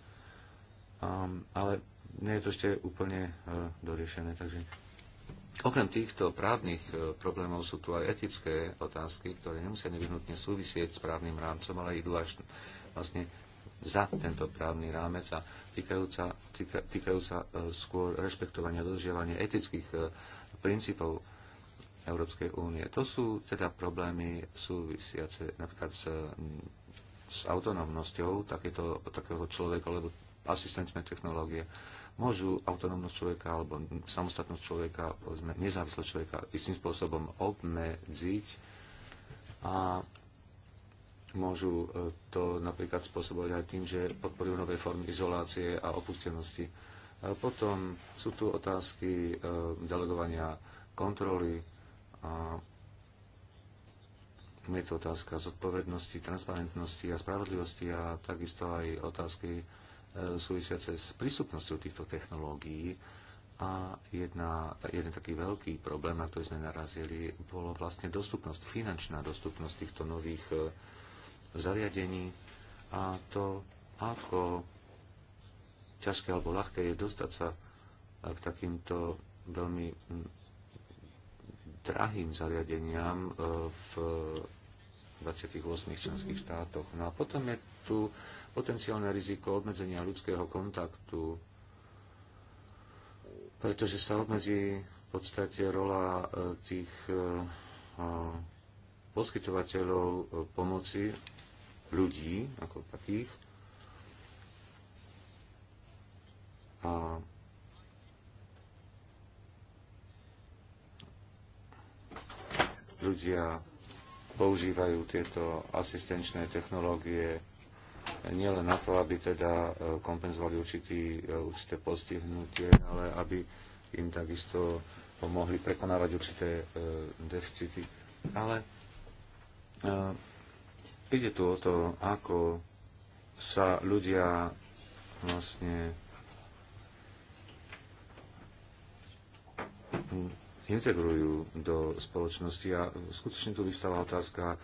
um, ale nie je to ešte úplne uh, doriešené. Takže Okrem týchto právnych e, problémov sú tu aj etické otázky, ktoré nemusia nevyhnutne súvisieť s právnym rámcom, ale idú až vlastne za tento právny rámec a týkajú sa, týka, týkajú sa e, skôr rešpektovania a dodržiavania etických princípov Európskej únie. To sú teda problémy súvisiace napríklad s, s autonómnosťou takéto, takého človeka, lebo asistentné technológie môžu autonómnosť človeka alebo samostatnosť človeka, povedzme, nezávislosť človeka istým spôsobom obmedziť a môžu e, to napríklad spôsobovať aj tým, že podporujú nové formy izolácie a opustenosti. Potom sú tu otázky e, delegovania kontroly a je to otázka zodpovednosti, transparentnosti a spravodlivosti a takisto aj otázky súvisiace s prístupnosťou týchto technológií. A jedna, jeden taký veľký problém, na ktorý sme narazili, bolo vlastne dostupnosť, finančná dostupnosť týchto nových e, zariadení a to, ako ťažké alebo ľahké je dostať sa e, k takýmto veľmi drahým zariadeniam e, v 28 členských mhm. štátoch. No a potom je tu potenciálne riziko obmedzenia ľudského kontaktu, pretože sa obmedzí v podstate rola e, tých e, e, poskytovateľov pomoci ľudí ako takých. A ľudia používajú tieto asistenčné technológie nielen na to, aby teda e, kompenzovali určitý, e, určité postihnutie, ale aby im takisto pomohli prekonávať určité e, deficity. Ale ide tu o to, ako sa ľudia vlastne integrujú do spoločnosti a skutočne tu vystáva otázka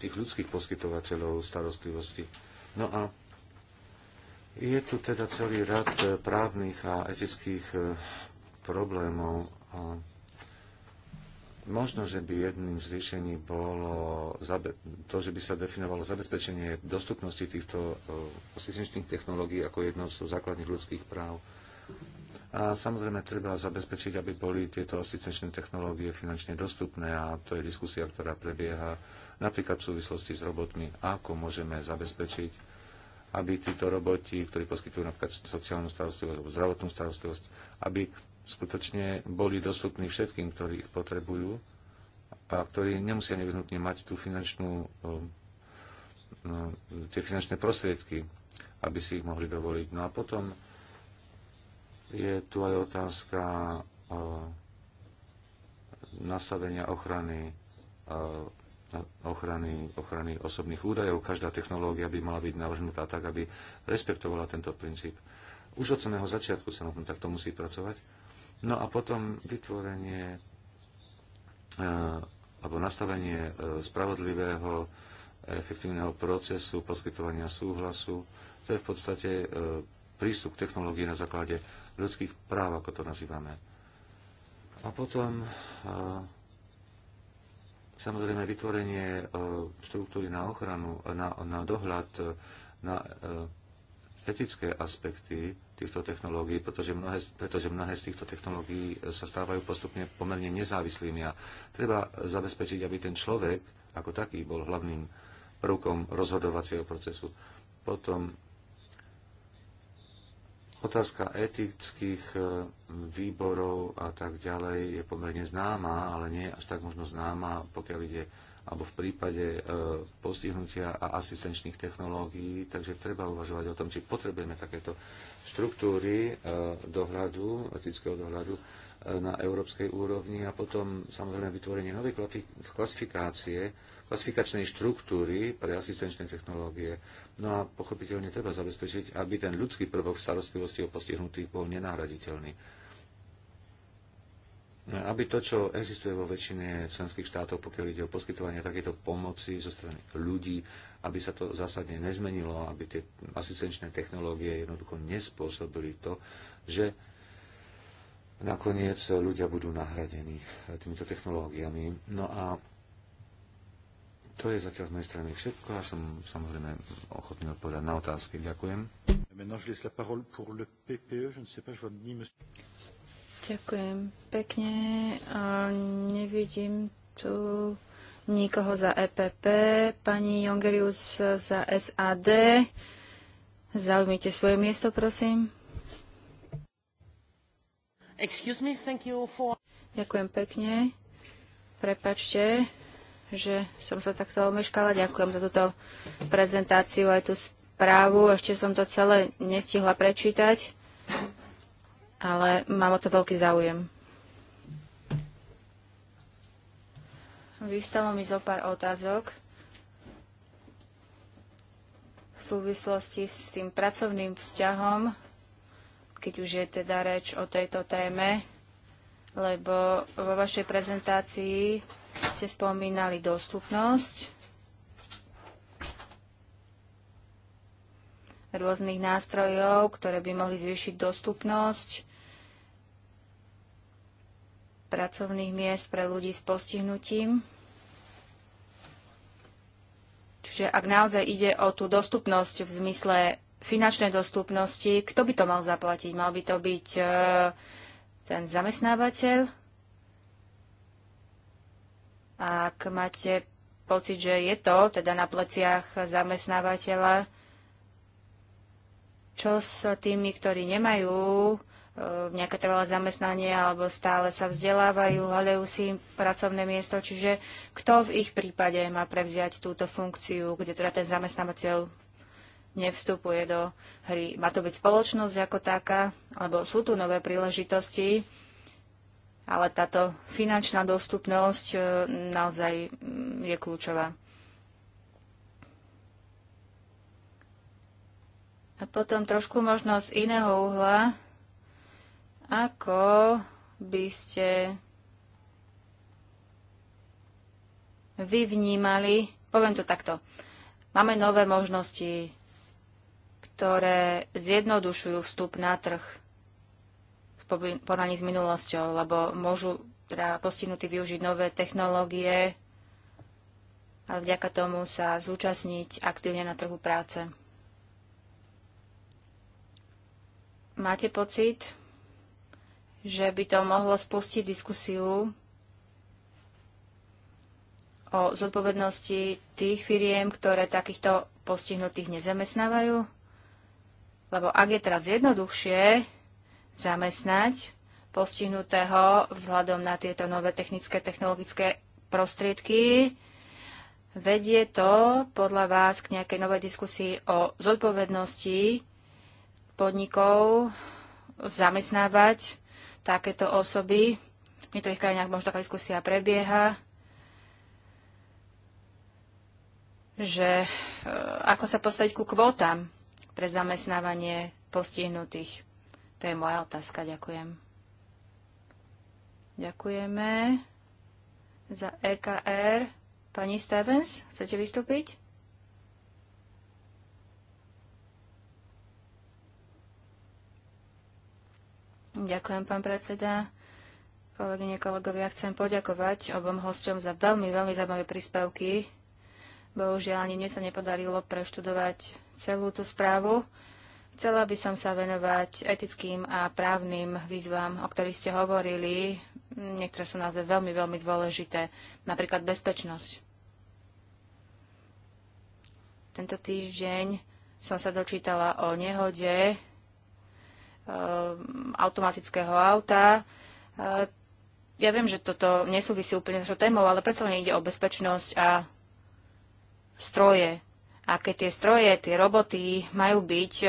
tých ľudských poskytovateľov starostlivosti No a je tu teda celý rad e, právnych a etických e, problémov a Možno, že by jedným z riešení bolo to, že by sa definovalo zabezpečenie dostupnosti týchto e, asistenčných technológií ako jedno z základných ľudských práv. A samozrejme treba zabezpečiť, aby boli tieto asistenčné technológie finančne dostupné a to je diskusia, ktorá prebieha napríklad v súvislosti s robotmi, ako môžeme zabezpečiť, aby títo roboti, ktorí poskytujú napríklad sociálnu starostlivosť alebo zdravotnú starostlivosť, aby skutočne boli dostupní všetkým, ktorí ich potrebujú a ktorí nemusia nevyhnutne mať tú finančnú, eh, no, tie finančné prostriedky, aby si ich mohli dovoliť. No a potom je tu aj otázka eh, nastavenia ochrany eh, ochrany, ochrany osobných údajov. Každá technológia by mala byť navrhnutá tak, aby respektovala tento princíp. Už od samého začiatku sa na tom takto musí pracovať. No a potom vytvorenie e, alebo nastavenie e, spravodlivého efektívneho procesu poskytovania súhlasu. To je v podstate e, prístup k technológii na základe ľudských práv, ako to nazývame. A potom Samozrejme, vytvorenie e, štruktúry na ochranu, na, na dohľad, e, na e, etické aspekty týchto technológií, pretože mnohé, pretože mnohé z týchto technológií sa stávajú postupne pomerne nezávislými a treba zabezpečiť, aby ten človek ako taký bol hlavným prvkom rozhodovacieho procesu. Potom Otázka etických e, výborov a tak ďalej je pomerne známa, ale nie až tak možno známa, pokiaľ ide alebo v prípade e, postihnutia a asistenčných technológií. Takže treba uvažovať o tom, či potrebujeme takéto štruktúry e, dohľadu, etického dohľadu na európskej úrovni a potom samozrejme vytvorenie novej klasifikácie klasifikačnej štruktúry pre asistenčné technológie. No a pochopiteľne treba zabezpečiť, aby ten ľudský prvok starostlivosti o postihnutých bol nenahraditeľný. Aby to, čo existuje vo väčšine členských štátov, pokiaľ ide o poskytovanie takéto pomoci zo strany ľudí, aby sa to zásadne nezmenilo, aby tie asistenčné technológie jednoducho nespôsobili to, že nakoniec ľudia budú nahradení týmito technológiami. No a to je zatiaľ z mojej strany všetko a som samozrejme ochotný odpovedať na otázky. Ďakujem. Ďakujem pekne. A nevidím tu nikoho za EPP. Pani Jongerius za SAD. Zaujmite svoje miesto, prosím. Excuse me, thank you for... Ďakujem pekne. Prepačte, že som sa takto omeškala. Ďakujem za túto prezentáciu aj tú správu. Ešte som to celé nestihla prečítať, ale mám o to veľký záujem. Vystalo mi zo pár otázok v súvislosti s tým pracovným vzťahom, keď už je teda reč o tejto téme lebo vo vašej prezentácii ste spomínali dostupnosť rôznych nástrojov, ktoré by mohli zvýšiť dostupnosť pracovných miest pre ľudí s postihnutím. Čiže ak naozaj ide o tú dostupnosť v zmysle finančnej dostupnosti, kto by to mal zaplatiť? Mal by to byť e, ten zamestnávateľ. Ak máte pocit, že je to teda na pleciach zamestnávateľa, čo s tými, ktorí nemajú e, nejaké trvalé zamestnanie alebo stále sa vzdelávajú, hľadajú si pracovné miesto. Čiže kto v ich prípade má prevziať túto funkciu, kde teda ten zamestnávateľ nevstupuje do hry. Má to byť spoločnosť ako taká, alebo sú tu nové príležitosti, ale táto finančná dostupnosť e, naozaj mm, je kľúčová. A potom trošku možno z iného uhla, ako by ste vy vnímali, poviem to takto, máme nové možnosti ktoré zjednodušujú vstup na trh v porovnaní s minulosťou, lebo môžu teda postihnutí využiť nové technológie a vďaka tomu sa zúčastniť aktívne na trhu práce. Máte pocit, že by to mohlo spustiť diskusiu o zodpovednosti tých firiem, ktoré takýchto postihnutých nezamestnávajú? Lebo ak je teraz jednoduchšie zamestnať postihnutého vzhľadom na tieto nové technické, technologické prostriedky, vedie to podľa vás k nejakej novej diskusii o zodpovednosti podnikov zamestnávať takéto osoby. V niektorých krajinách možno taká diskusia prebieha, že e, ako sa postaviť ku kvótam pre zamestnávanie postihnutých? To je moja otázka. Ďakujem. Ďakujeme za EKR. Pani Stevens, chcete vystúpiť? Ďakujem, pán predseda. Kolegyne, kolegovia, chcem poďakovať obom hosťom za veľmi, veľmi zaujímavé príspevky Bohužiaľ, ani mne sa nepodarilo preštudovať celú tú správu. Chcela by som sa venovať etickým a právnym výzvam, o ktorých ste hovorili. Niektoré sú naozaj veľmi, veľmi dôležité, napríklad bezpečnosť. Tento týždeň som sa dočítala o nehode ehm, automatického auta. Ehm, ja viem, že toto nesúvisí úplne s našou témou, ale predsa len ide o bezpečnosť a stroje. keď tie stroje, tie roboty majú byť e,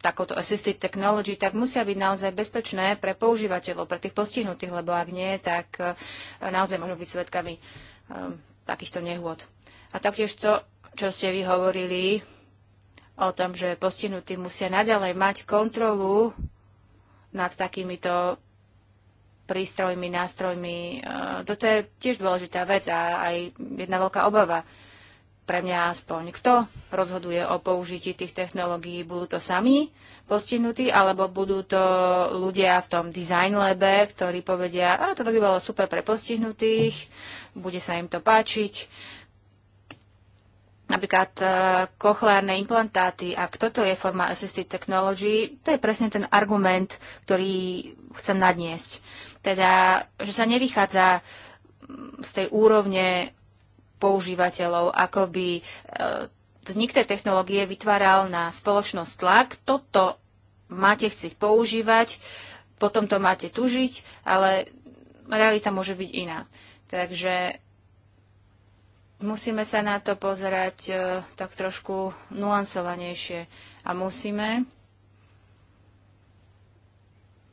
takouto assisted technology, tak musia byť naozaj bezpečné pre používateľov, pre tých postihnutých, lebo ak nie, tak e, naozaj môžu byť svetkami e, takýchto nehôd. A taktiež to, čo ste vy hovorili o tom, že postihnutí musia naďalej mať kontrolu nad takýmito prístrojmi, nástrojmi. E, toto je tiež dôležitá vec a aj jedna veľká obava pre mňa aspoň. Kto rozhoduje o použití tých technológií? Budú to sami postihnutí, alebo budú to ľudia v tom design labe, ktorí povedia, a to by bolo super pre postihnutých, bude sa im to páčiť. Napríklad uh, kochleárne implantáty, ak toto je forma assistive technology, to je presne ten argument, ktorý chcem nadniesť teda, že sa nevychádza z tej úrovne používateľov, ako by e, vznik tej technológie vytváral na spoločnosť tlak. Toto máte chcieť používať, potom to máte tužiť, ale realita môže byť iná. Takže musíme sa na to pozerať e, tak trošku nuancovanejšie a musíme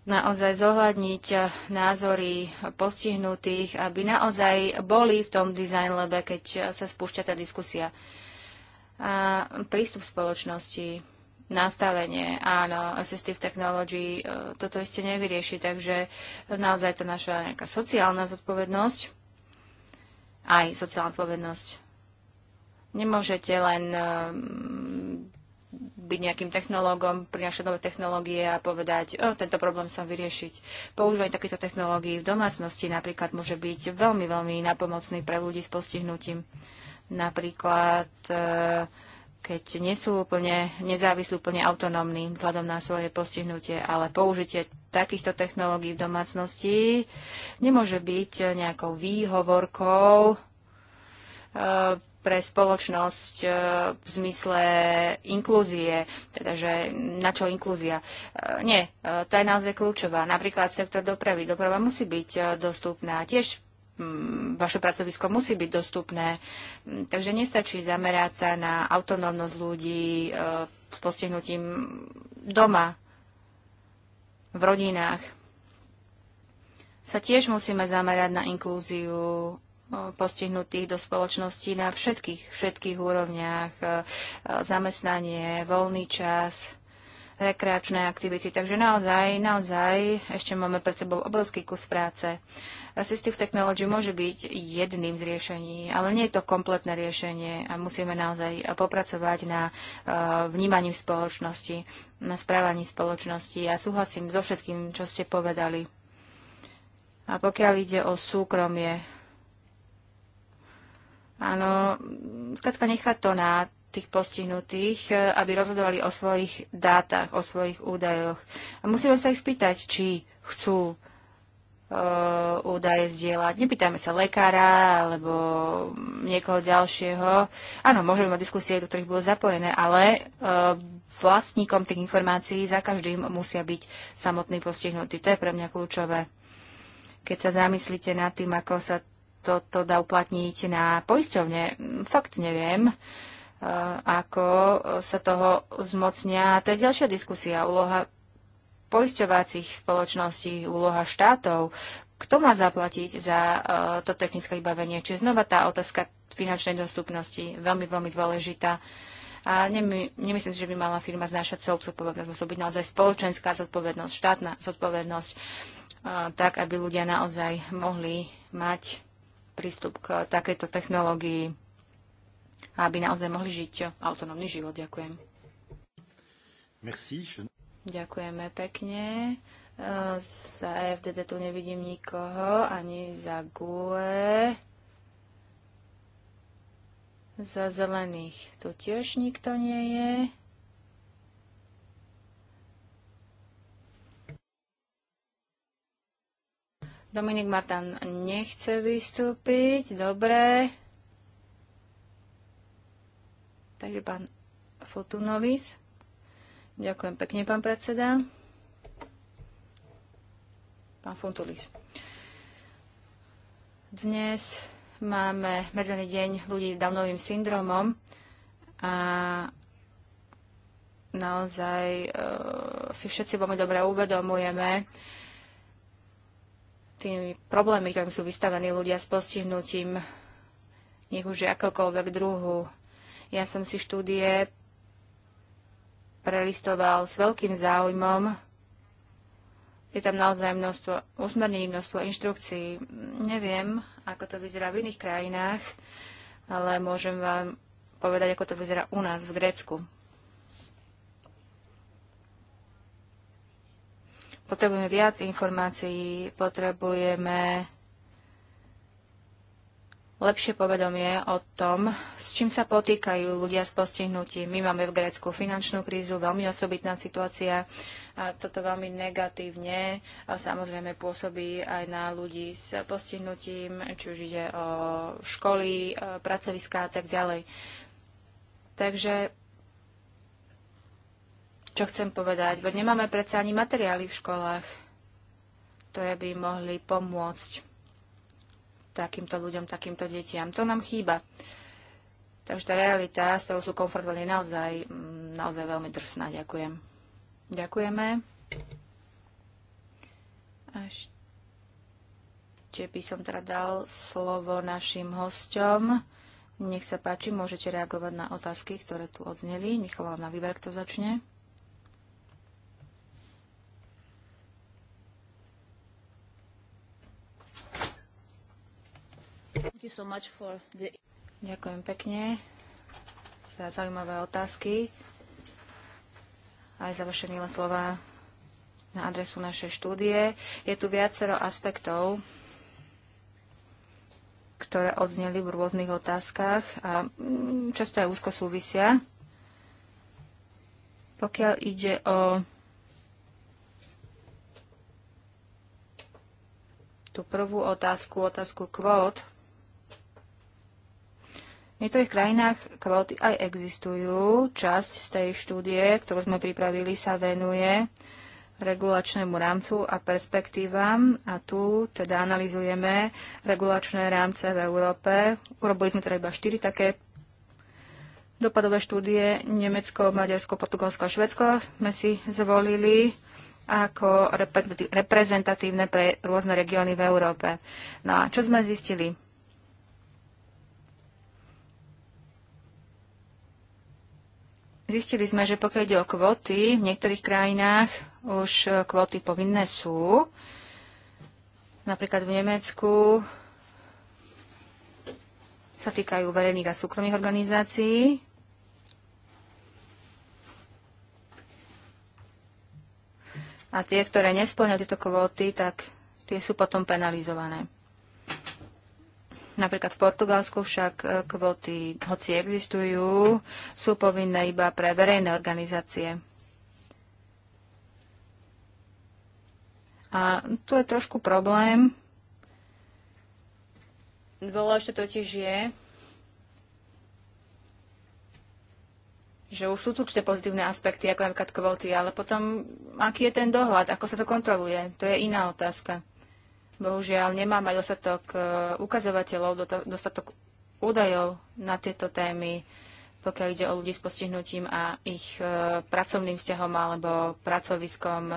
naozaj zohľadniť názory postihnutých, aby naozaj boli v tom design lebe, keď sa spúšťa tá diskusia. A prístup spoločnosti, nastavenie, áno, assistive technology, e, toto ešte nevyrieši, takže naozaj to naša nejaká sociálna zodpovednosť, aj sociálna odpovednosť. Nemôžete len e, byť nejakým technológom, prinašať nové technológie a povedať, o, tento problém sa vyriešiť. Používanie takýchto technológií v domácnosti napríklad môže byť veľmi, veľmi napomocný pre ľudí s postihnutím. Napríklad, e, keď nie sú úplne nezávislí, úplne autonómni vzhľadom na svoje postihnutie, ale použitie takýchto technológií v domácnosti nemôže byť nejakou výhovorkou e, pre spoločnosť e, v zmysle inklúzie, teda že na čo inklúzia. E, nie, e, tá je naozaj kľúčová. Napríklad sektor dopravy. Doprava musí byť dostupná. Tiež mm, vaše pracovisko musí byť dostupné. Mm, takže nestačí zamerať sa na autonómnosť ľudí s postihnutím doma, v rodinách. Sa tiež musíme zamerať na inklúziu postihnutých do spoločnosti na všetkých, všetkých úrovniach, e, e, zamestnanie, voľný čas, rekreačné aktivity. Takže naozaj, naozaj ešte máme pred sebou obrovský kus práce. Assistive technology môže byť jedným z riešení, ale nie je to kompletné riešenie a musíme naozaj popracovať na e, vnímaní v spoločnosti, na správaní spoločnosti. Ja súhlasím so všetkým, čo ste povedali. A pokiaľ ide o súkromie, Áno, skladka nechá to na tých postihnutých, eh, aby rozhodovali o svojich dátach, o svojich údajoch. A musíme sa ich spýtať, či chcú e, údaje zdieľať. Nepýtame sa lekára alebo niekoho ďalšieho. Áno, môžeme mať diskusie, do ktorých bolo zapojené, ale e, vlastníkom tých informácií za každým musia byť samotný postihnutý. To je pre mňa kľúčové. Keď sa zamyslíte nad tým, ako sa to dá uplatniť na poisťovne? Fakt neviem, e, ako sa toho zmocnia. To je ďalšia diskusia, úloha poisťovacích spoločností, úloha štátov, kto má zaplatiť za e, to technické vybavenie. Čiže znova tá otázka finančnej dostupnosti, veľmi, veľmi dôležitá. A nemy, nemyslím si, že by mala firma znášať celú zodpovednosť. Musí byť naozaj spoločenská zodpovednosť, štátna zodpovednosť, e, tak, aby ľudia naozaj mohli mať prístup k takejto technológii, aby naozaj mohli žiť autonómny život. Ďakujem. Merci. Ďakujeme pekne. Za EFDD tu nevidím nikoho, ani za GUE. Za zelených tu tiež nikto nie je. Dominik Martan nechce vystúpiť. Dobre. Takže pán Fotunovis. Ďakujem pekne, pán predseda. Pán Fotunovis. Dnes máme medzený deň ľudí s Downovým syndromom a naozaj e, si všetci veľmi dobre uvedomujeme, tými problémy, ktorým sú vystavení ľudia s postihnutím, nech už akokoľvek druhu. Ja som si štúdie prelistoval s veľkým záujmom. Je tam naozaj množstvo usmernení, množstvo inštrukcií. Neviem, ako to vyzerá v iných krajinách, ale môžem vám povedať, ako to vyzerá u nás v Grécku. Potrebujeme viac informácií, potrebujeme lepšie povedomie o tom, s čím sa potýkajú ľudia s postihnutím. My máme v Grécku finančnú krízu, veľmi osobitná situácia a toto veľmi negatívne a samozrejme pôsobí aj na ľudí s postihnutím, či už ide o školy, pracoviská a tak ďalej. Takže čo chcem povedať, veď nemáme predsa ani materiály v školách, ktoré by mohli pomôcť takýmto ľuďom, takýmto detiam. To nám chýba. Takže tá realita, s ktorou sú komfortovali, naozaj, mm, naozaj veľmi drsná. Ďakujem. Ďakujeme. Až ešte by som teda dal slovo našim hosťom. Nech sa páči, môžete reagovať na otázky, ktoré tu odzneli. Nechám vám na výber, kto začne. Ďakujem pekne za zaujímavé otázky aj za vaše milé slova na adresu našej štúdie. Je tu viacero aspektov, ktoré odzneli v rôznych otázkach a mm, často aj úzko súvisia. Pokiaľ ide o tú prvú otázku, otázku kvót, v niektorých krajinách kvóty aj existujú. Časť z tej štúdie, ktorú sme pripravili, sa venuje regulačnému rámcu a perspektívam. A tu teda analizujeme regulačné rámce v Európe. Urobili sme teda iba štyri také dopadové štúdie. Nemecko, Maďarsko, Portugalsko a Švedsko sme si zvolili ako reprezentatívne pre rôzne regióny v Európe. No a čo sme zistili? Zistili sme, že pokiaľ ide o kvóty, v niektorých krajinách už e, kvóty povinné sú. Napríklad v Nemecku sa týkajú verejných a súkromných organizácií. A tie, ktoré nesplňajú tieto kvóty, tak tie sú potom penalizované. Napríklad v Portugalsku však e, kvóty, hoci existujú, sú povinné iba pre verejné organizácie. A tu je trošku problém. Dôležité totiž je, že už sú tu určité pozitívne aspekty, ako napríklad kvóty, ale potom aký je ten dohľad, ako sa to kontroluje, to je iná otázka. Bohužiaľ, nemám aj dostatok e, ukazovateľov, dostatok údajov na tieto témy, pokiaľ ide o ľudí s postihnutím a ich e, pracovným vzťahom alebo pracoviskom.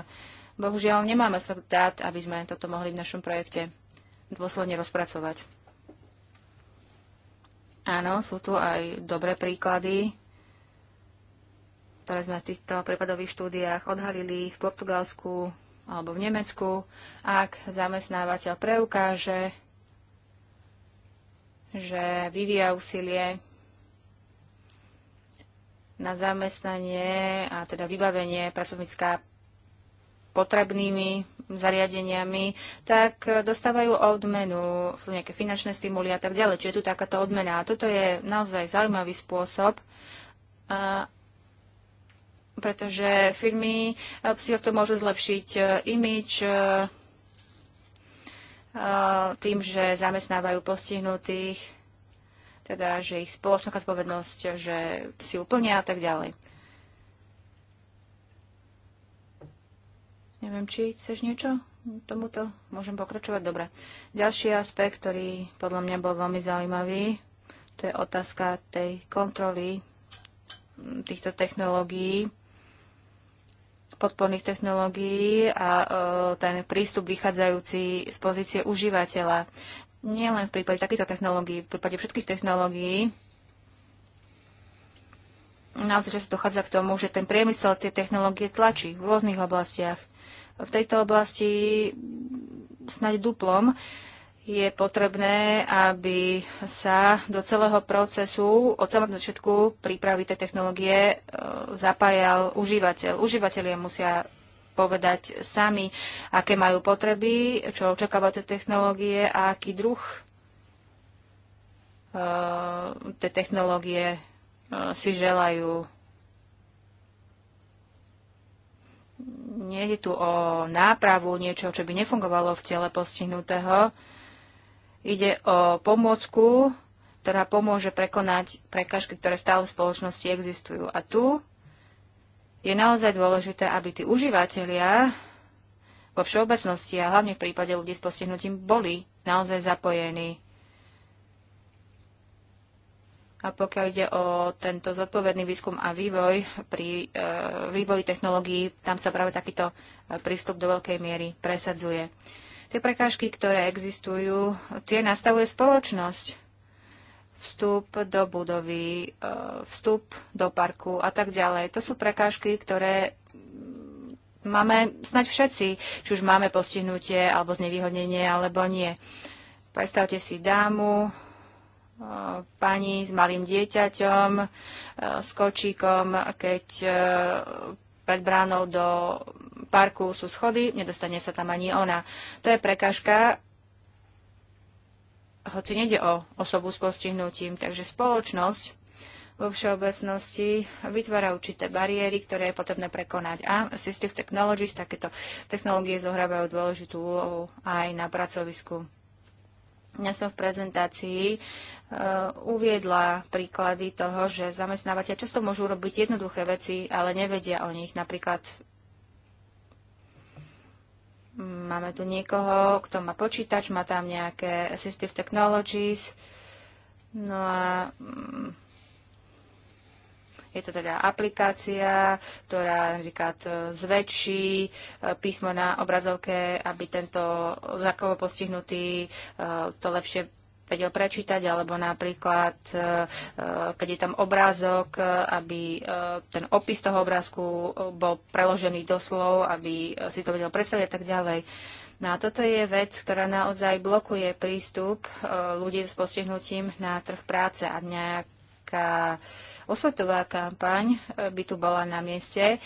Bohužiaľ, nemáme sa dát, aby sme toto mohli v našom projekte dôsledne rozpracovať. Áno, sú tu aj dobré príklady, ktoré sme v týchto prípadových štúdiách odhalili v Portugalsku, alebo v Nemecku, ak zamestnávateľ preukáže, že vyvíja úsilie na zamestnanie a teda vybavenie pracovnícka potrebnými zariadeniami, tak dostávajú odmenu, sú nejaké finančné stimuly a tak ďalej. Čiže je tu takáto odmena. A toto je naozaj zaujímavý spôsob, pretože firmy eh, si to môžu zlepšiť eh, imič eh, tým, že zamestnávajú postihnutých, teda, že ich spoločná odpovednosť, že si úplnia a tak ďalej. Neviem, či chceš niečo tomuto? Môžem pokračovať? Dobre. Ďalší aspekt, ktorý podľa mňa bol veľmi zaujímavý, to je otázka tej kontroly hm, týchto technológií podporných technológií a e, ten prístup vychádzajúci z pozície užívateľa. Nie len v prípade takýchto technológií, v prípade všetkých technológií naozaj že dochádza k tomu, že ten priemysel tie technológie tlačí v rôznych oblastiach. V tejto oblasti snáď duplom. Uh, je potrebné, aby sa do celého procesu od samého začiatku prípravy tej technológie e, zapájal užívateľ. Užívateľia musia povedať sami, aké majú potreby, čo očakávajú tie technológie a aký druh tie technológie e, si želajú. Nie je tu o nápravu niečo, čo by nefungovalo v tele postihnutého, Ide o pomôcku, ktorá pomôže prekonať prekažky, ktoré stále v spoločnosti existujú. A tu je naozaj dôležité, aby tí užívateľia vo všeobecnosti a hlavne v prípade ľudí s postihnutím boli naozaj zapojení. A pokiaľ ide o tento zodpovedný výskum a vývoj pri e, vývoji technológií, tam sa práve takýto e, prístup do veľkej miery presadzuje. Tie prekážky, ktoré existujú, tie nastavuje spoločnosť. Vstup do budovy, e, vstup do parku a tak ďalej. To sú prekážky, ktoré máme snať všetci, či už máme postihnutie alebo znevýhodnenie alebo nie. Predstavte si dámu, e, pani s malým dieťaťom, e, s kočíkom, keď pred bránou do parku sú schody, nedostane sa tam ani ona. To je prekažka, hoci nejde o osobu s postihnutím. Takže spoločnosť vo všeobecnosti vytvára určité bariéry, ktoré je potrebné prekonať. A Assistive Technologies, takéto technológie zohrávajú dôležitú úlohu aj na pracovisku. Ja som v prezentácii Eh, uviedla príklady toho, že zamestnávateľ často môžu robiť jednoduché veci, ale nevedia o nich. Napríklad máme tu niekoho, kto má počítač, má tam nejaké assistive technologies, no a mm, je to teda aplikácia, ktorá napríklad eh, zväčší eh, písmo na obrazovke, aby tento zrakovo postihnutý to lepšie vedel prečítať, alebo napríklad, e, e, keď je tam obrázok, e, aby ten opis toho obrázku bol preložený do slov, aby si to vedel predstaviť a tak ďalej. No a toto je vec, ktorá naozaj blokuje prístup ľudí s postihnutím na trh práce a nejaká osvetová kampaň by tu bola na mieste,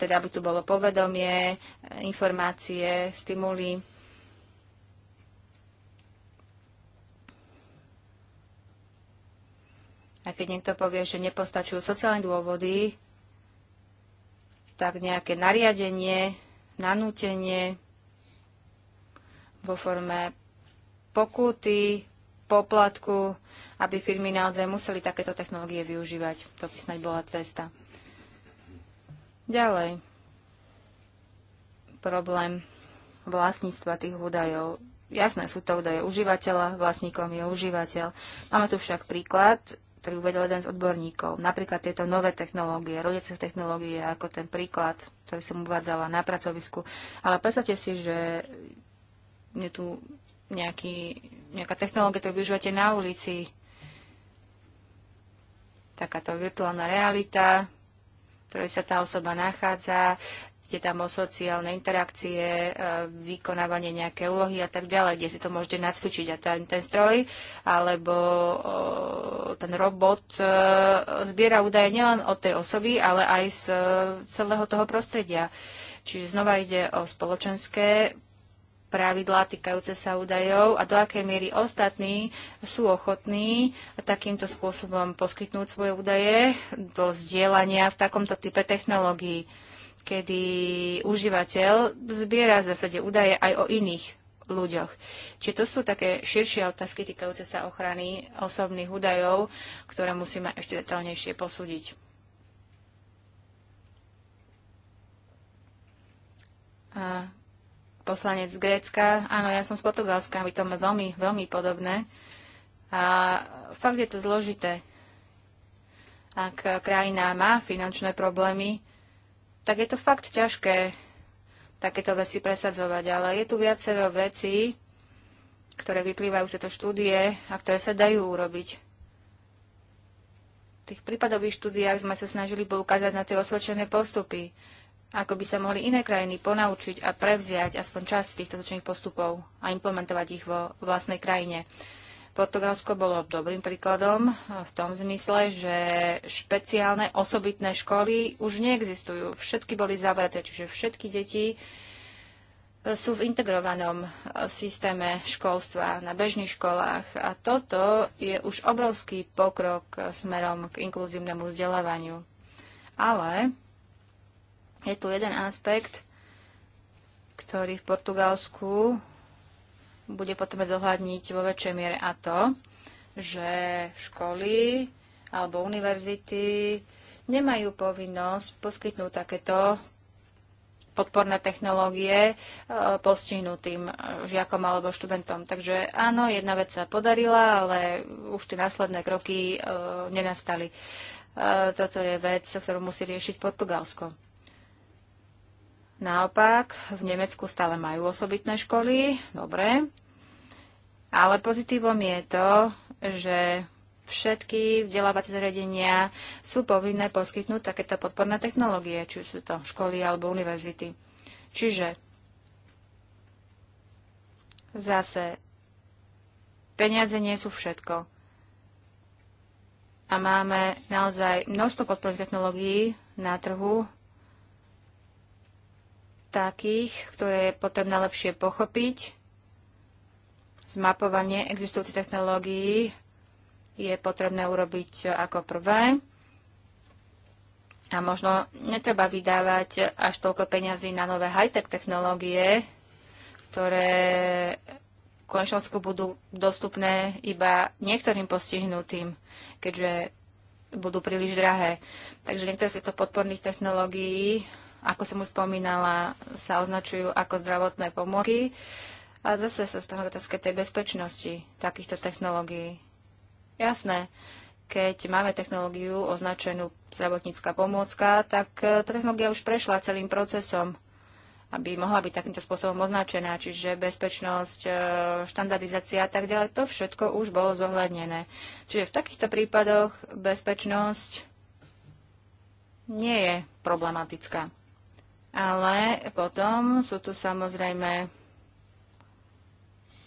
teda by tu bolo povedomie, informácie, stimuly A keď niekto povie, že nepostačujú sociálne dôvody, tak nejaké nariadenie, nanútenie vo forme pokuty, poplatku, aby firmy naozaj museli takéto technológie využívať. To by snaď bola cesta. Ďalej. Problém vlastníctva tých údajov. Jasné, sú to údaje užívateľa, vlastníkom je užívateľ. Máme tu však príklad ktorý uvedol jeden z odborníkov. Napríklad tieto nové technológie, rodiace technológie, ako ten príklad, ktorý som uvádzala na pracovisku. Ale predstavte si, že je tu nejaký, nejaká technológia, ktorú využívate na ulici, takáto virtuálna realita, v ktorej sa tá osoba nachádza, ide tam o sociálne interakcie, e, vykonávanie nejaké úlohy a tak ďalej, kde si to môžete nacvičiť a ten, ten stroj alebo ten robot e, zbiera údaje nielen od tej osoby, ale aj z e, celého toho prostredia. Čiže znova ide o spoločenské pravidlá týkajúce sa údajov a do akej miery ostatní sú ochotní takýmto spôsobom poskytnúť svoje údaje do vzdielania v takomto type technológií kedy užívateľ zbiera v zásade údaje aj o iných ľuďoch. Čiže to sú také širšie otázky týkajúce sa ochrany osobných údajov, ktoré musíme ešte detálnejšie posúdiť. A poslanec z Grécka, áno, ja som z Portugalska, my to máme veľmi, veľmi podobné. A fakt je to zložité. Ak krajina má finančné problémy, tak je to fakt ťažké takéto veci presadzovať. Ale je tu viacero vecí, ktoré vyplývajú z tejto štúdie a ktoré sa dajú urobiť. V tých prípadových štúdiách sme sa snažili poukázať na tie osvedčené postupy, ako by sa mohli iné krajiny ponaučiť a prevziať aspoň časť týchto zločinných postupov a implementovať ich vo vlastnej krajine. Portugalsko bolo dobrým príkladom eh, v tom zmysle, že špeciálne osobitné školy už neexistujú. Všetky boli zavreté, čiže všetky deti eh, sú v integrovanom eh, systéme školstva na bežných školách. A toto je už obrovský pokrok smerom k inkluzívnemu vzdelávaniu. Ale je tu jeden aspekt, ktorý v Portugalsku bude potom zohľadniť vo väčšej miere a to, že školy alebo univerzity nemajú povinnosť poskytnúť takéto podporné technológie e, postihnutým e, žiakom alebo študentom. Takže áno, jedna vec sa podarila, ale už tie následné kroky e, nenastali. Toto je vec, ktorú musí riešiť Portugalsko. Naopak, v Nemecku stále majú osobitné školy, dobre. Ale pozitívom je to, že všetky vzdelávacie zariadenia sú povinné poskytnúť takéto podporné technológie, či sú to školy alebo univerzity. Čiže zase peniaze nie sú všetko. A máme naozaj množstvo podporných technológií na trhu, takých, ktoré je potrebné lepšie pochopiť. Zmapovanie existujúcich technológií je potrebné urobiť ako prvé. A možno netreba vydávať až toľko peňazí na nové high-tech technológie, ktoré v končnosku budú dostupné iba niektorým postihnutým, keďže budú príliš drahé. Takže niektoré z týchto podporných technológií ako som už spomínala, sa označujú ako zdravotné pomoky. A zase sa z toho otázka tej bezpečnosti takýchto technológií. Jasné, keď máme technológiu označenú zdravotnícká pomôcka, tak e, tá technológia už prešla celým procesom, aby mohla byť takýmto spôsobom označená, čiže bezpečnosť, e, štandardizácia a tak ďalej, to všetko už bolo zohľadnené. Čiže v takýchto prípadoch bezpečnosť nie je problematická. Ale potom sú tu samozrejme,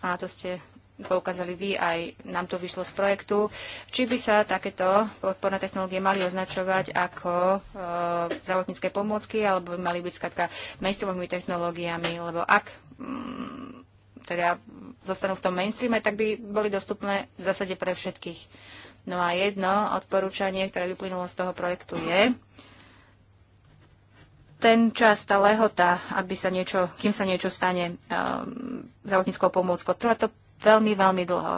a to ste poukázali vy, aj nám to vyšlo z projektu, či by sa takéto podporné technológie mali označovať ako e, zdravotnícke pomôcky, alebo by mali byť skratka mainstreamovými technológiami, lebo ak m, mm, teda zostanú v tom mainstreame, tak by boli dostupné v zásade pre všetkých. No a jedno odporúčanie, ktoré vyplynulo z toho projektu je, ten čas, tá lehota, aby sa niečo, kým sa niečo stane um, zdravotníckou pomôckou, trvá to veľmi, veľmi dlho.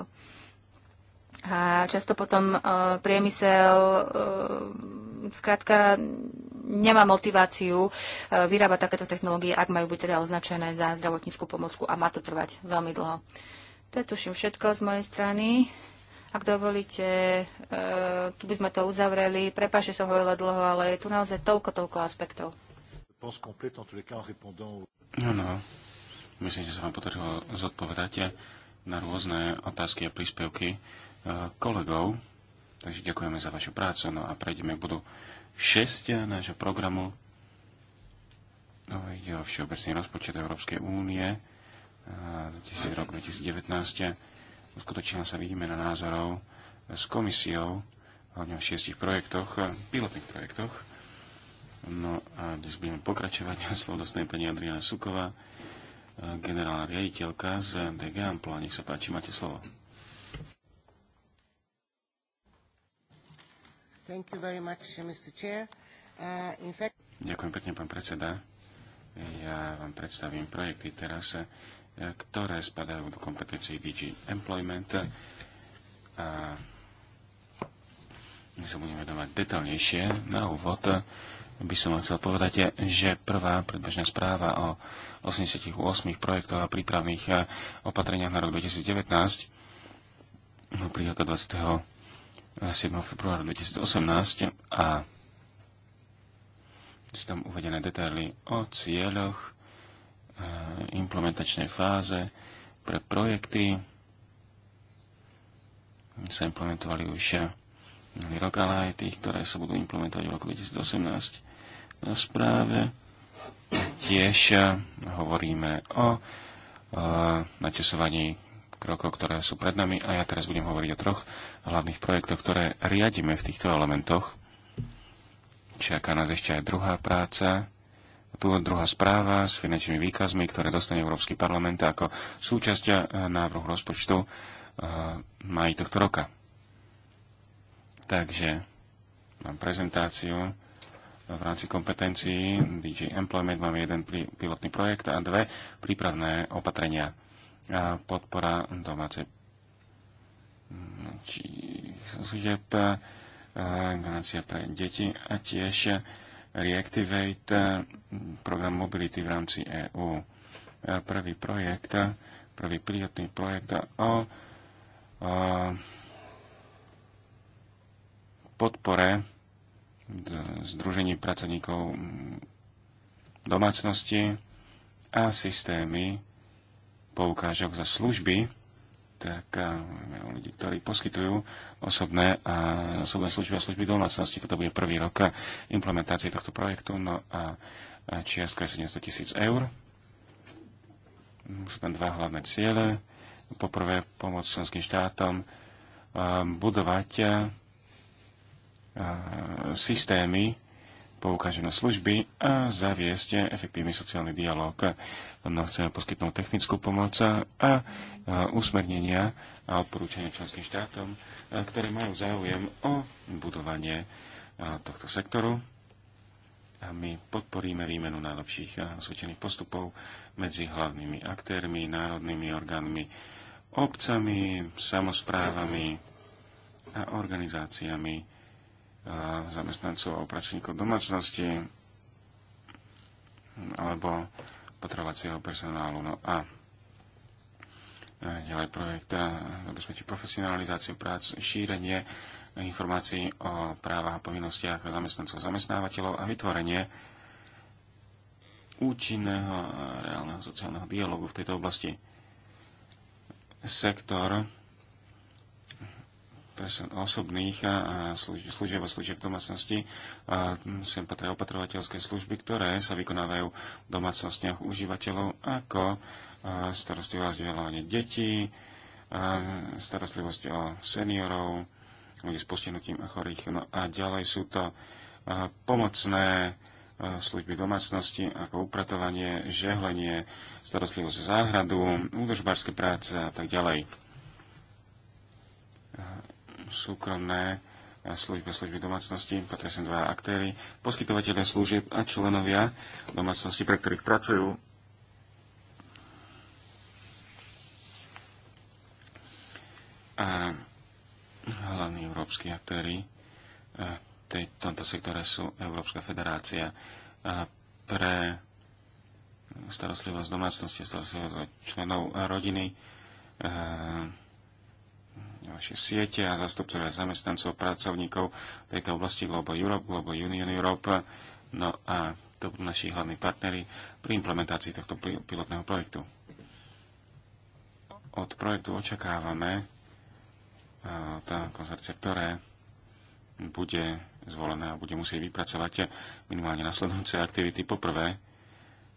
A často potom uh, priemysel uh, zkrátka nemá motiváciu uh, vyrábať takéto technológie, ak majú byť teda označené za zdravotníckú pomôcku a má to trvať veľmi dlho. To je tuším všetko z mojej strany. Ak dovolíte, uh, tu by sme to uzavreli. Prepáč, že som hovorila dlho, ale je tu naozaj toľko, toľko aspektov réponse complète en tous les cas en répondant... No, no. Myslím, že sa vám podarilo zodpovedať na rôzne otázky a príspevky eh, kolegov. Takže ďakujeme za vašu prácu. No a prejdeme k bodu 6 nášho programu. ide o všeobecný rozpočet Európskej únie 10 eh, rok 2019. Uskutočne sa výmena názorov s komisiou hlavne o šiestich projektoch, pilotných projektoch No a dnes budeme pokračovať. [laughs] Slovo dostane pani Adriana Suková, e, generálna riaditeľka z DG Ampla. Nech sa páči, máte slovo. Thank you very much, Mr. Chair. Uh, in fact... Ďakujem pekne, pán predseda. Ja vám predstavím projekty teraz, e, ktoré spadajú do kompetencií DG Employment. E, a my sa budeme venovať detaľnejšie na úvod by som vám chcel povedať, že prvá predbežná správa o 88 projektoch a prípravných eh, opatreniach na rok 2019 no, prijatá 27. februára 2018 a sú tam uvedené detaily o cieľoch, eh, implementačnej fáze pre projekty sa implementovali už eh, rok, ale aj tých, ktoré sa budú implementovať v roku 2018. Na správe tiež e, hovoríme o e, načasovaní krokov, ktoré sú pred nami a ja teraz budem hovoriť o troch hlavných projektoch, ktoré riadime v týchto elementoch. Čaká nás ešte aj druhá práca, tu druhá správa s finančnými výkazmi, ktoré dostane Európsky parlament ako súčasť e, návrhu rozpočtu v maji tohto roka. Takže mám prezentáciu v rámci kompetencií DJ Employment máme jeden pilotný projekt a dve prípravné opatrenia. A podpora domácej či služeb, garancia pre deti a tiež Reactivate program mobility v rámci EU. Prvý projekt, prvý pilotný projekt o, o podpore Združení pracovníkov domácnosti a systémy poukážok za služby, tak eh, ľudí, ktorí poskytujú osobné a osobné služby a služby domácnosti. Toto bude prvý rok implementácie tohto projektu. No a čiastka je 700 tisíc eur. Sú tam dva hlavné ciele. Poprvé, pomoc členským štátom eh, budovať eh, systémy, poukáže služby a zaviesť efektívny sociálny dialog. No, chceme poskytnúť technickú pomoc a, usmernenia a odporúčania členským štátom, ktoré majú záujem o budovanie tohto sektoru. A my podporíme výmenu najlepších osvedčených postupov medzi hlavnými aktérmi, národnými orgánmi, obcami, samozprávami a organizáciami zamestnancov alebo pracovníkov domácnosti alebo potrebovacieho personálu. No a ďalej projekt zabezpečí profesionalizáciu prác, šírenie informácií o právach a povinnostiach zamestnancov zamestnávateľov a vytvorenie účinného a reálneho sociálneho dialogu v tejto oblasti. Sektor osobných a služieb a služieb v domácnosti. sem patria opatrovateľské služby, ktoré sa vykonávajú v domácnostiach užívateľov ako starostlivosť o vzdelávanie detí, starostlivosť o seniorov, ľudí s postihnutím a chorých. No a ďalej sú to pomocné služby v domácnosti, ako upratovanie, žehlenie, starostlivosť o záhradu, údržbárske práce a tak ďalej súkromné služby, služby domácnosti, patria sem dva aktéry, poskytovateľe služieb a členovia domácnosti, pre ktorých pracujú. A hlavní európsky aktéry e, v tomto sektore sú Európska federácia pre starostlivosť domácnosti, starostlivosť členov rodiny, e, naše siete a zastupcovia zamestnancov, pracovníkov tejto oblasti Global Europe, Global Union Europe. No a to budú naši hlavní partnery pri implementácii tohto pilotného projektu. Od projektu očakávame tá konzercia, ktoré bude zvolené a bude musieť vypracovať minimálne nasledujúce aktivity. Poprvé,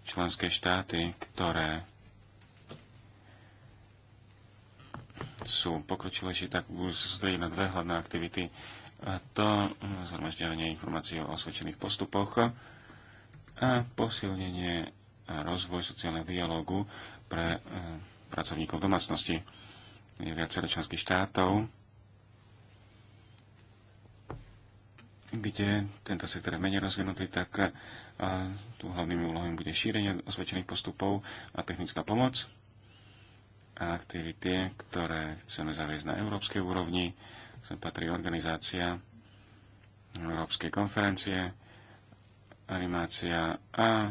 členské štáty, ktoré sú pokročilejšie, tak budú sa sústrediť na dve hlavné aktivity. A to mm, zhromažďovanie informácií o osvedčených postupoch a posilnenie a rozvoj sociálneho dialógu pre e, pracovníkov domácnosti. Je viacero členských štátov, kde tento sektor je menej rozvinutý, tak a, e, tu hlavnými úlohami bude šírenie osvedčených postupov a technická pomoc a aktivity, ktoré chceme zaviesť na európskej úrovni. Sem patrí organizácia Európskej konferencie, animácia a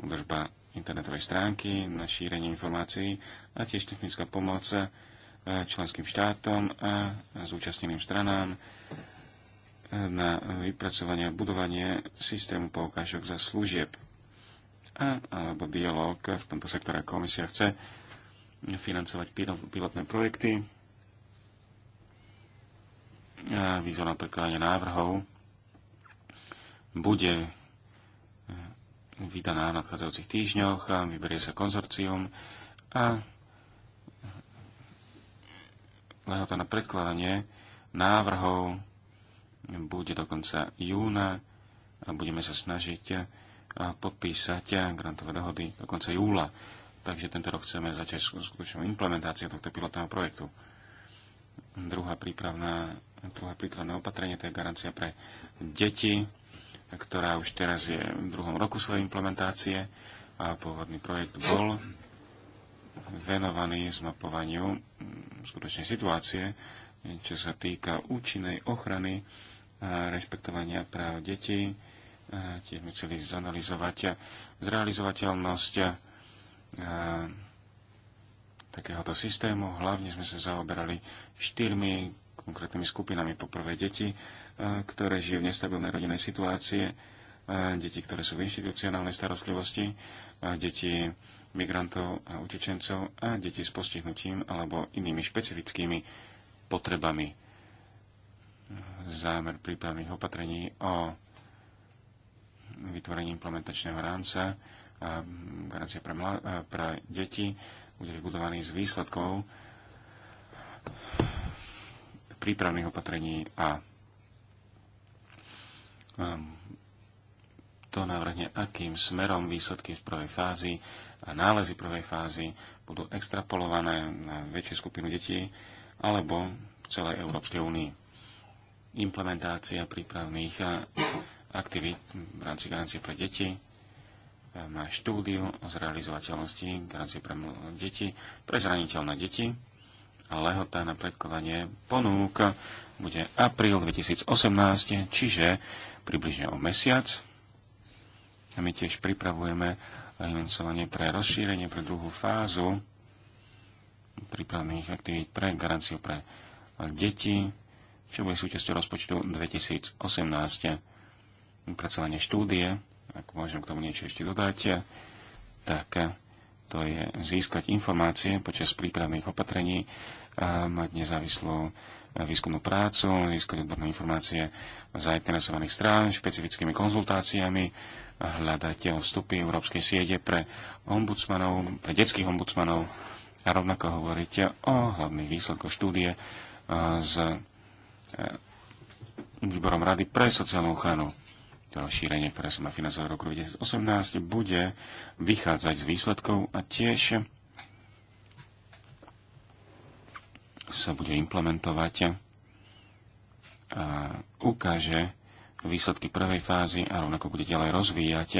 udržba internetovej stránky na šírenie informácií a tiež technická pomoc eh, členským štátom a zúčastneným stranám eh, na vypracovanie a budovanie systému poukážok za služieb a, alebo dialog v tomto sektore komisia chce financovať pilotné projekty a výzva na prekladanie návrhov bude e, vydaná v nadchádzajúcich týždňoch a vyberie sa konzorcium a e, lehota na predkladanie návrhov bude do konca júna a budeme sa snažiť e, podpísať grantové dohody do konca júla. Takže tento rok chceme začať skutočnou implementáciou tohto pilotného projektu. Druhá prípravná, druhé prípravné opatrenie, to je garancia pre deti, ktorá už teraz je v druhom roku svojej implementácie a pôvodný projekt bol venovaný zmapovaniu mm, skutočnej situácie, čo sa týka účinnej ochrany a rešpektovania práv detí. Tiež sme chceli zanalizovať zrealizovateľnosť takéhoto systému. Hlavne sme sa zaoberali štyrmi konkrétnymi skupinami. Poprvé deti, ktoré žijú v nestabilnej rodinnej situácie, deti, ktoré sú v inštitucionálnej starostlivosti, deti migrantov a utečencov a deti s postihnutím alebo inými špecifickými potrebami. Zámer prípravných opatrení o vytvorení implementačného rámca garancia pre, mla, pre deti bude vybudovaný z výsledkov prípravných opatrení a um, to navrhne, akým smerom výsledky z prvej fázy a nálezy prvej fázy budú extrapolované na väčšiu skupinu detí alebo v celej Európskej únii. Implementácia prípravných aktivít v rámci garancie pre deti má štúdiu o zrealizovateľnosti garancie pre deti, pre zraniteľné deti a lehota na predkladanie ponúk bude apríl 2018, čiže približne o mesiac. A my tiež pripravujeme financovanie pre rozšírenie pre druhú fázu prípravných aktivít pre garanciu pre deti, čo bude súčasťou rozpočtu 2018. Pracovanie štúdie ak môžem k tomu niečo ešte dodať, tak to je získať informácie počas prípravných opatrení, a mať nezávislú výskumnú prácu, získať odborné informácie zainteresovaných strán, špecifickými konzultáciami, hľadať vstupy Európskej siede pre ombudsmanov, pre detských ombudsmanov a rovnako hovoriť o hlavných výsledkoch štúdie eh, s eh, výborom Rady pre sociálnu ochranu to šírenie, ktoré sa má financovať v roku 2018, bude vychádzať z výsledkov a tiež sa bude implementovať a ukáže výsledky prvej fázy a rovnako bude ďalej rozvíjať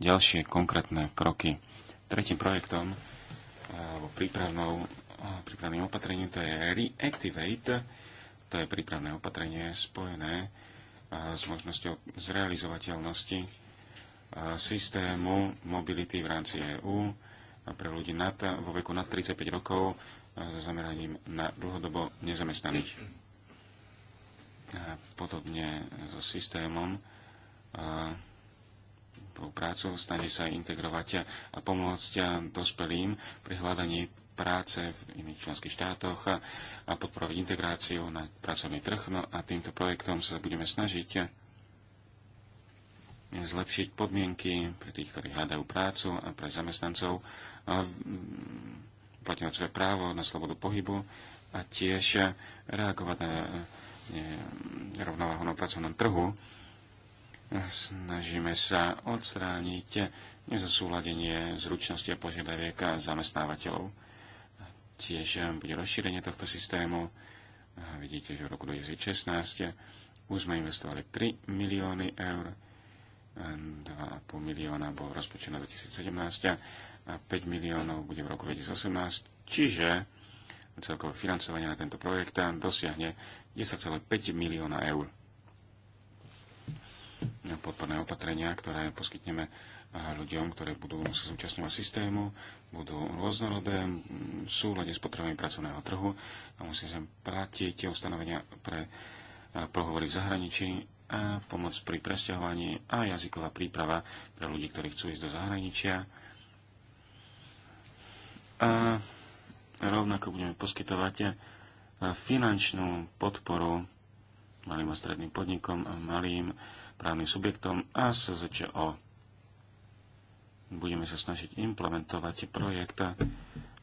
ďalšie konkrétne kroky. Tretím projektom e, alebo prípravnou, e, prípravným opatrením to je Reactivate, to je prípravné opatrenie spojené s možnosťou zrealizovateľnosti e, systému mobility v rámci EÚ pre ľudí nad, vo veku nad 35 rokov e, so zameraním na dlhodobo nezamestnaných. Podobne so systémom prácu stane sa integrovať a pomôcť dospelým pri hľadaní práce v iných členských štátoch a podporovať integráciu na pracovný trh. No a týmto projektom sa budeme snažiť zlepšiť podmienky pre tých, ktorí hľadajú prácu a pre zamestnancov uplatňovať svoje právo na slobodu pohybu a tiež reagovať na e, rovnováhu na pracovnom trhu. Snažíme sa odstrániť nezosúladenie zručnosti a požiadaviek zamestnávateľov. Tiež eh, bude rozšírenie tohto systému. vidíte, že v roku 2016 už sme investovali 3 milióny eur, 2,5 milióna bolo rozpočet na 2017 a 5 miliónov bude v roku 2018. Čiže celkové financovanie na tento projekt dosiahne 10,5 milióna eur. Podporné opatrenia, ktoré poskytneme Eh, ľuďom, ktoré budú sa zúčastňovať systému, budú rôznorodé, v súlade s potrebami pracovného trhu a musí sa platiť ustanovenia pre eh, prohovory v zahraničí a pomoc pri presťahovaní a jazyková príprava pre ľudí, ktorí chcú ísť do zahraničia. A rovnako budeme poskytovať eh, finančnú podporu malým a stredným podnikom, malým právnym subjektom a SZČO budeme sa snažiť implementovať projekt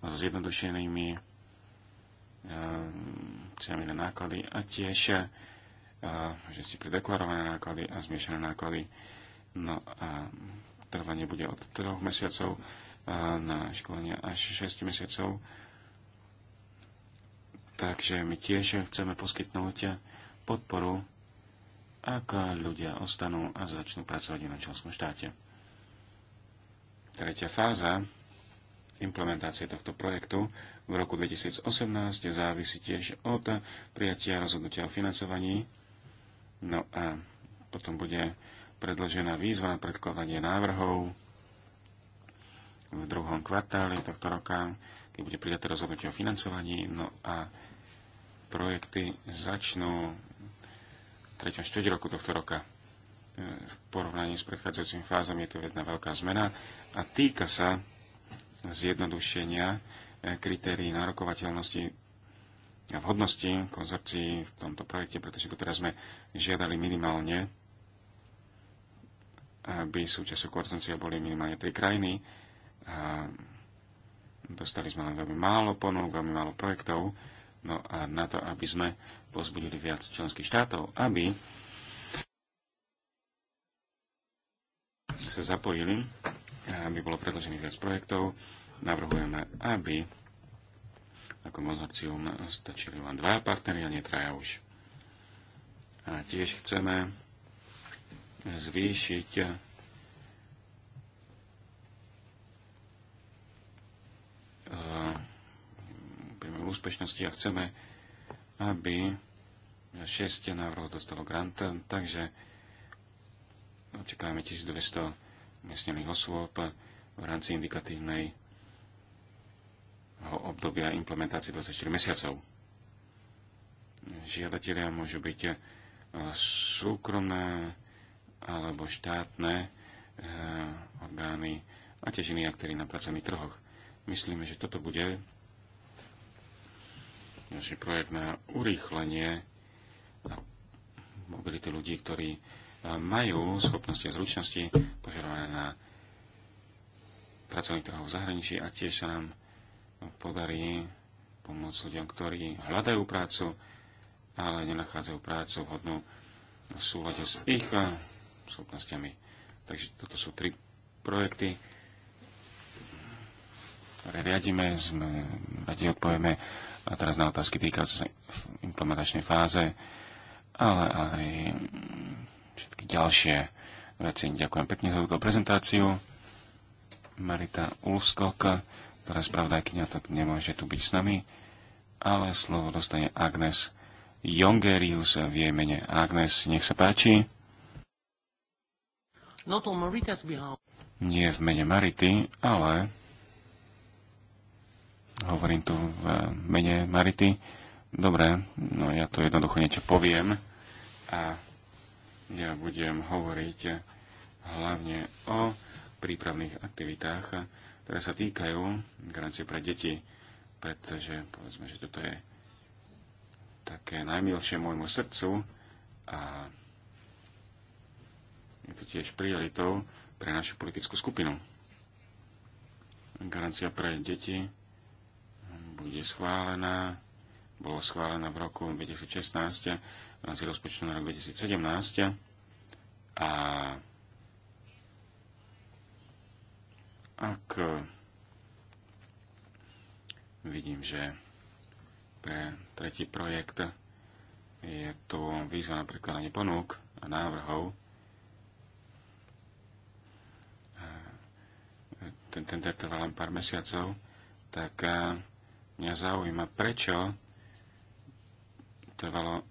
s jednodušenými eh, cenami na náklady a tiež eh, že si predeklarované náklady a zmiešané náklady. No a trvanie bude od 3 mesiacov eh, na školenie až 6 mesiacov. Takže my tiež chceme poskytnúť podporu, ak ľudia ostanú a začnú pracovať na členskom štáte. Tretia fáza implementácie tohto projektu v roku 2018 závisí tiež od prijatia rozhodnutia o financovaní. No a potom bude predložená výzva na predkladanie návrhov v druhom kvartáli tohto roka, keď bude prijaté rozhodnutie o financovaní. No a projekty začnú v 3. roku tohto roka. E, v porovnaní s predchádzajúcimi fázami je to jedna veľká zmena a týka sa zjednodušenia e, kritérií nárokovateľnosti a vhodnosti konzorcií v tomto projekte, pretože teraz sme žiadali minimálne, aby súčasťou konzorcia boli minimálne tri krajiny. A dostali sme len veľmi málo ponúk, veľmi málo projektov, no a na to, aby sme pozbudili viac členských štátov, aby sa zapojili, aby bolo predložený viac projektov. Navrhujeme, aby ako konzorcium stačili len dva partnery a netraja už. A tiež chceme zvýšiť uh, úspešnosti a chceme, aby 6 návrhov dostalo grant, takže očakávame 1200 umiestnených osôb v rámci indikatívnej obdobia implementácie 24 mesiacov. Žiadatelia môžu byť eh, súkromné alebo štátne eh, orgány a tiež iní aktéry na pracovných trhoch. Myslíme, že toto bude ďalší projekt na urýchlenie mobility ľudí, ktorí majú schopnosti a zručnosti požadované na pracovných trhov v zahraničí a tiež sa nám podarí pomôcť ľuďom, ktorí hľadajú prácu, ale nenachádzajú prácu vhodnú v súlade s ich eh, schopnosťami. Takže toto sú tri projekty, ktoré riadíme, sme, radi odpovieme a teraz na otázky týkajúce sa implementačnej fáze, ale aj všetky ďalšie veci. Ďakujem pekne za túto prezentáciu. Marita Ulskok, ktorá je spravodajkynia, tak nemôže tu byť s nami, ale slovo dostane Agnes Jongerius v jej mene. Agnes, nech sa páči. Nie v mene Marity, ale hovorím tu v mene Marity. Dobre, no ja to jednoducho niečo poviem a ja budem hovoriť hlavne o prípravných aktivitách, ktoré sa týkajú garancie pre deti, pretože povedzme, že toto je také najmilšie môjmu srdcu a je to tiež prioritou pre našu politickú skupinu. Garancia pre deti bude schválená, bolo schválená v roku 2016 v rámci rozpočtu na rok 2017 a ak vidím, že pre tretí projekt je tu výzva na prekladanie ponúk a návrhov. Ten ten trval len pár mesiacov, tak mňa zaujíma, prečo trvalo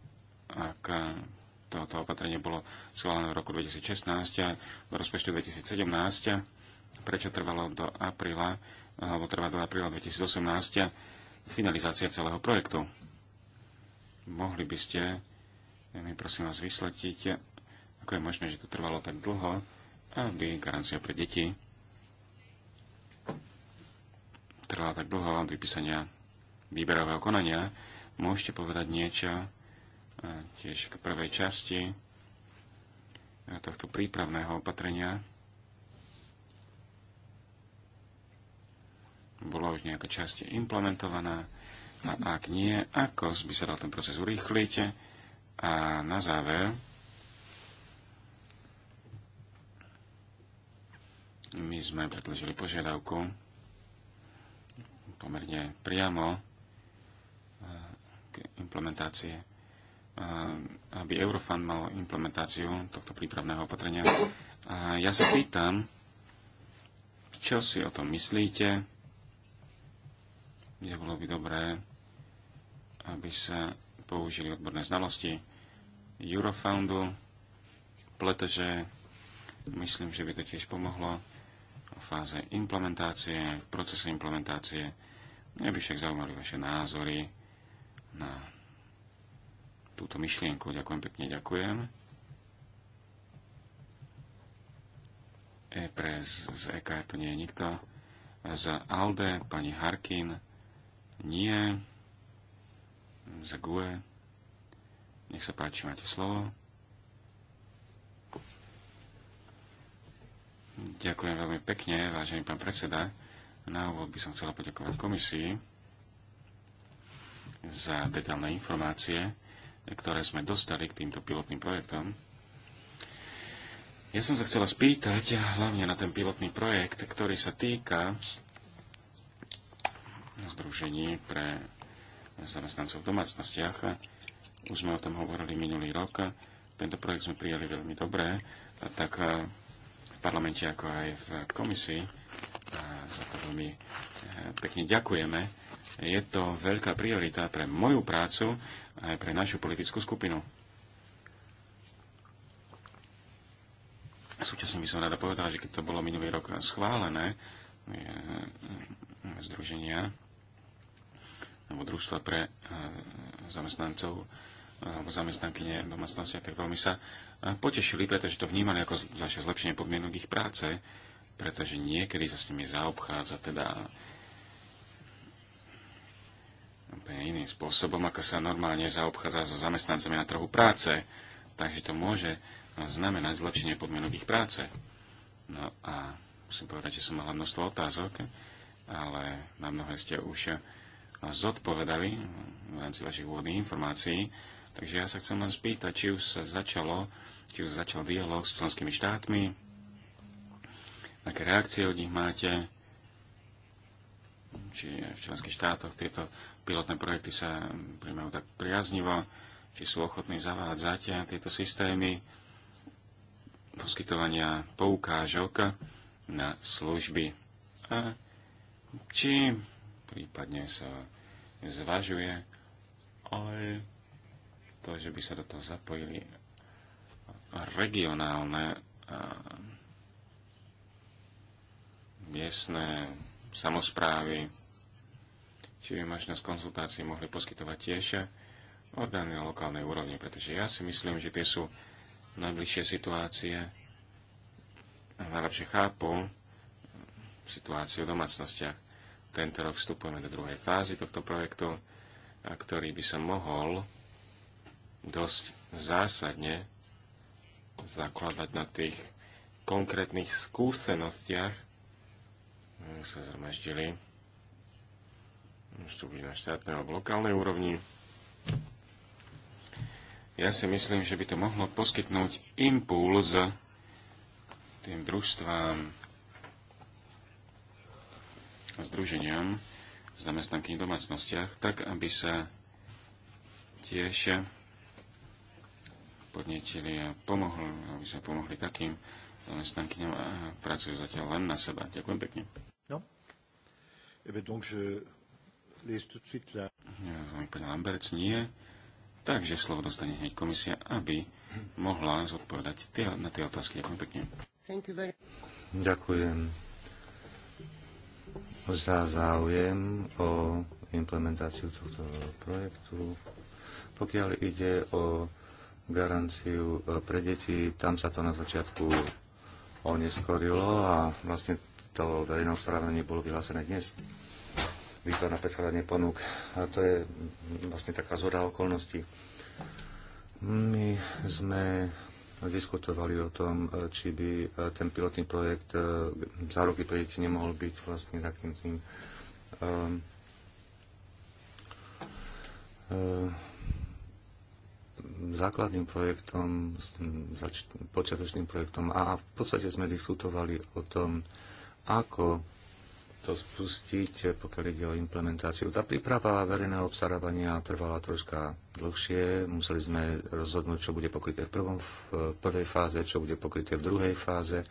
ak eh, toto opatrenie bolo schválené v roku 2016 do rozpočtu 2017, prečo trvalo do apríla, alebo trvá do apríla 2018 finalizácia celého projektu. Mohli by ste mi prosím vás vysletiť, ako je možné, že to trvalo tak dlho, aby garancia pre deti trvala tak dlho od vypísania výberového konania. Môžete povedať niečo tiež k prvej časti tohto prípravného opatrenia bola už nejaká časť implementovaná a ak nie, ako by sa dal ten proces urýchliť a na záver my sme predložili požiadavku pomerne priamo eh, k implementácie aby Eurofund mal implementáciu tohto prípravného opatrenia. A ja sa pýtam, čo si o tom myslíte, Je bolo by dobré, aby sa použili odborné znalosti Eurofoundu, pretože myslím, že by to tiež pomohlo v fáze implementácie, v procese implementácie. Mňa by však zaujímali vaše názory na túto myšlienku. Ďakujem pekne, ďakujem. E pre z, z e EK tu nie je nikto. Za ALDE pani Harkin nie. Za GUE. Nech sa páči, máte slovo. Ďakujem veľmi pekne, vážený pán predseda. Na úvod by som chcela poďakovať komisii za detálne informácie ktoré sme dostali k týmto pilotným projektom. Ja som sa chcela spýtať hlavne na ten pilotný projekt, ktorý sa týka Združení pre zamestnancov v domácnostiach. Už sme o tom hovorili minulý rok. Tento projekt sme prijali veľmi dobre, tak e, v parlamente ako aj v komisii. A e, za to veľmi e, pekne ďakujeme. Je to veľká priorita pre moju prácu aj pre našu politickú skupinu. Súčasne by som rada povedal, že keď to bolo minulý rok schválené, e, e, združenia alebo družstva pre e, zamestnancov alebo zamestnankyne domácnosti, tak veľmi sa potešili, pretože to vnímali ako zlepšenie podmienok ich práce, pretože niekedy sa s nimi zaobchádza teda úplne iným spôsobom, ako sa normálne zaobchádza so zamestnancami na trhu práce. Takže to môže znamenať zlepšenie podmienok ich práce. No a musím povedať, že som mala množstvo otázok, ale na mnohé ste už zodpovedali v rámci vašich úvodných informácií. Takže ja sa chcem len spýtať, či už sa začalo, či už začal dialog s členskými štátmi, aké reakcie od nich máte, či v členských štátoch tieto pilotné projekty sa príjmajú tak priaznivo, či sú ochotní zavádzať tieto systémy poskytovania poukážok na služby a či prípadne sa zvažuje aj to, že by sa do toho zapojili regionálne a miestne samozprávy, či by možnosť konzultácií mohli poskytovať tiež orgány na lokálnej úrovni, pretože ja si myslím, že tie sú najbližšie situácie a najlepšie chápu situáciu v domácnostiach. Tento rok vstupujeme do druhej fázy tohto projektu, a ktorý by sa mohol dosť zásadne zakladať na tých konkrétnych skúsenostiach sa zhromaždili môžu byť na štátnej alebo lokálnej úrovni. Ja si myslím, že by to mohlo poskytnúť impuls tým družstvám, združeniam v zamestnankých domácnostiach, tak aby sa tiež podnetili a pomohli, aby sme pomohli takým zamestnankyňam a pracujú zatiaľ len na seba. Ďakujem pekne. Eh bien, donc, je laisse tout de suite la... Ja som pani Lamberec nie. Takže slovo dostane hneď komisia, aby mohla zodpovedať tie, na tie otázky. Ďakujem pekne. Very... Ďakujem za záujem o implementáciu tohto projektu. Pokiaľ ide o garanciu eh, pre deti, tam sa to na začiatku oneskorilo a vlastne to verejné obstarávanie bolo vyhlásené dnes výzva na predkladanie ponúk. A to je vlastne taká zhoda okolností. My sme diskutovali o tom, či by ten pilotný projekt e, za roky pre deti nemohol byť vlastne takým tým um, základným projektom, počiatočným projektom a v podstate sme diskutovali o tom, ako to spustiť, pokiaľ ide o implementáciu. Tá príprava verejného obstarávania trvala troška dlhšie. Museli sme rozhodnúť, čo bude pokryté v, prvom, v prvej fáze, čo bude pokryté v druhej fáze.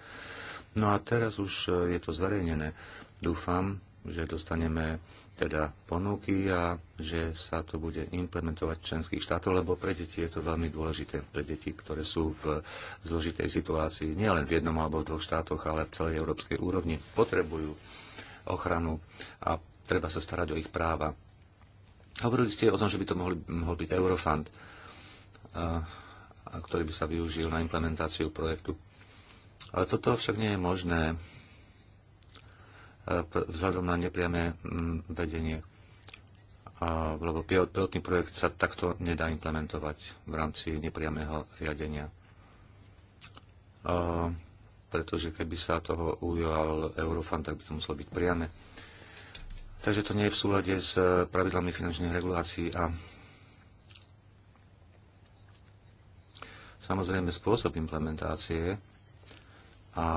No a teraz už e, je to zverejnené. Dúfam, že dostaneme teda ponuky a že sa to bude implementovať v členských štátoch, lebo pre deti je to veľmi dôležité. Pre deti, ktoré sú v zložitej situácii, nielen v jednom alebo v dvoch štátoch, ale v celej európskej úrovni, potrebujú ochranu a treba sa starať o ich práva. Hovorili ste o tom, že by to mohol, mohol byť Eurofund, a, a ktorý by sa využil na implementáciu projektu. Ale toto však nie je možné vzhľadom na nepriame vedenie lebo pilotný projekt sa takto nedá implementovať v rámci nepriamého riadenia pretože keby sa toho ujal Eurofund, tak by to muselo byť priame. Takže to nie je v súlade s eh, pravidlami finančných regulácií a samozrejme spôsob implementácie a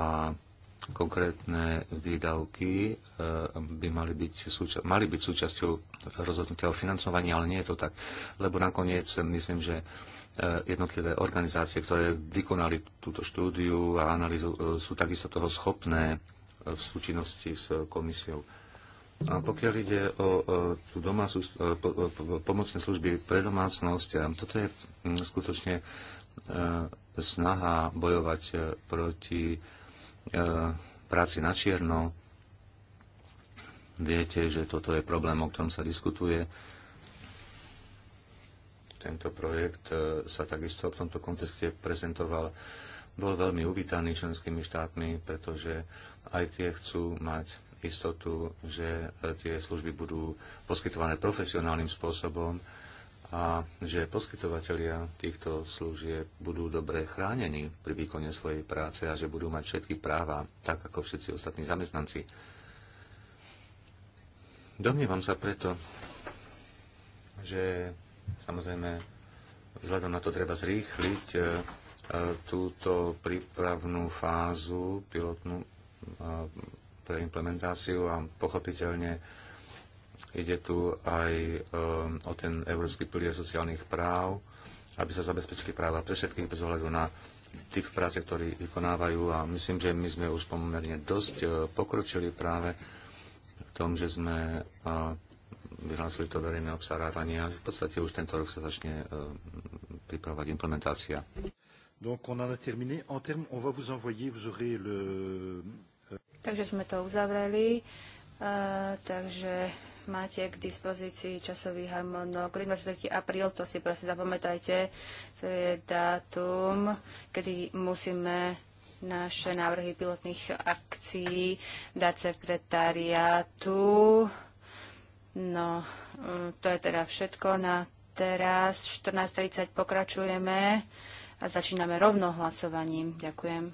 konkrétne výdavky eh, by mali byť, súča- mali byť súčasťou rozhodnutia o financovaní, ale nie je to tak. Lebo nakoniec eh, myslím, že eh, jednotlivé organizácie, ktoré vykonali túto štúdiu a analýzu, sú takisto toho schopné v súčinnosti s komisiou. A pokiaľ ide o, tú domácu, pomocné služby pre domácnosť, toto je hm, skutočne snaha bojovať proti E, práci na čierno. Viete, že toto je problém, o ktorom sa diskutuje. Tento projekt e, sa takisto v tomto kontexte prezentoval. Bol veľmi uvítaný členskými štátmi, pretože aj tie chcú mať istotu, že e, tie služby budú poskytované profesionálnym spôsobom a že poskytovateľia týchto služieb budú dobre chránení pri výkone svojej práce a že budú mať všetky práva, tak ako všetci ostatní zamestnanci. Domnievam sa preto, že samozrejme vzhľadom na to treba zrýchliť e, e, túto prípravnú fázu pilotnú e, pre implementáciu a pochopiteľne Ide tu aj um, o ten Európsky pilier sociálnych práv, aby sa zabezpečili práva pre všetkých bez ohľadu na typ práce, ktorý vykonávajú a myslím, že my sme už pomerne dosť uh, pokročili práve v tom, že sme uh, vyhlásili to verejné obstarávanie a v podstate už tento rok sa začne uh, pripravovať implementácia. Donc on en a terminé. En termes, on va vous envoyer, vous aurez le... Euh, takže sme to uzavreli. Uh, takže máte k dispozícii časový harmonok 23. apríl, to si prosím zapamätajte, to je dátum, kedy musíme naše návrhy pilotných akcií dať sekretariátu. No, mm, to je teda všetko na teraz. 14.30 pokračujeme a začíname rovno hlasovaním. Ďakujem.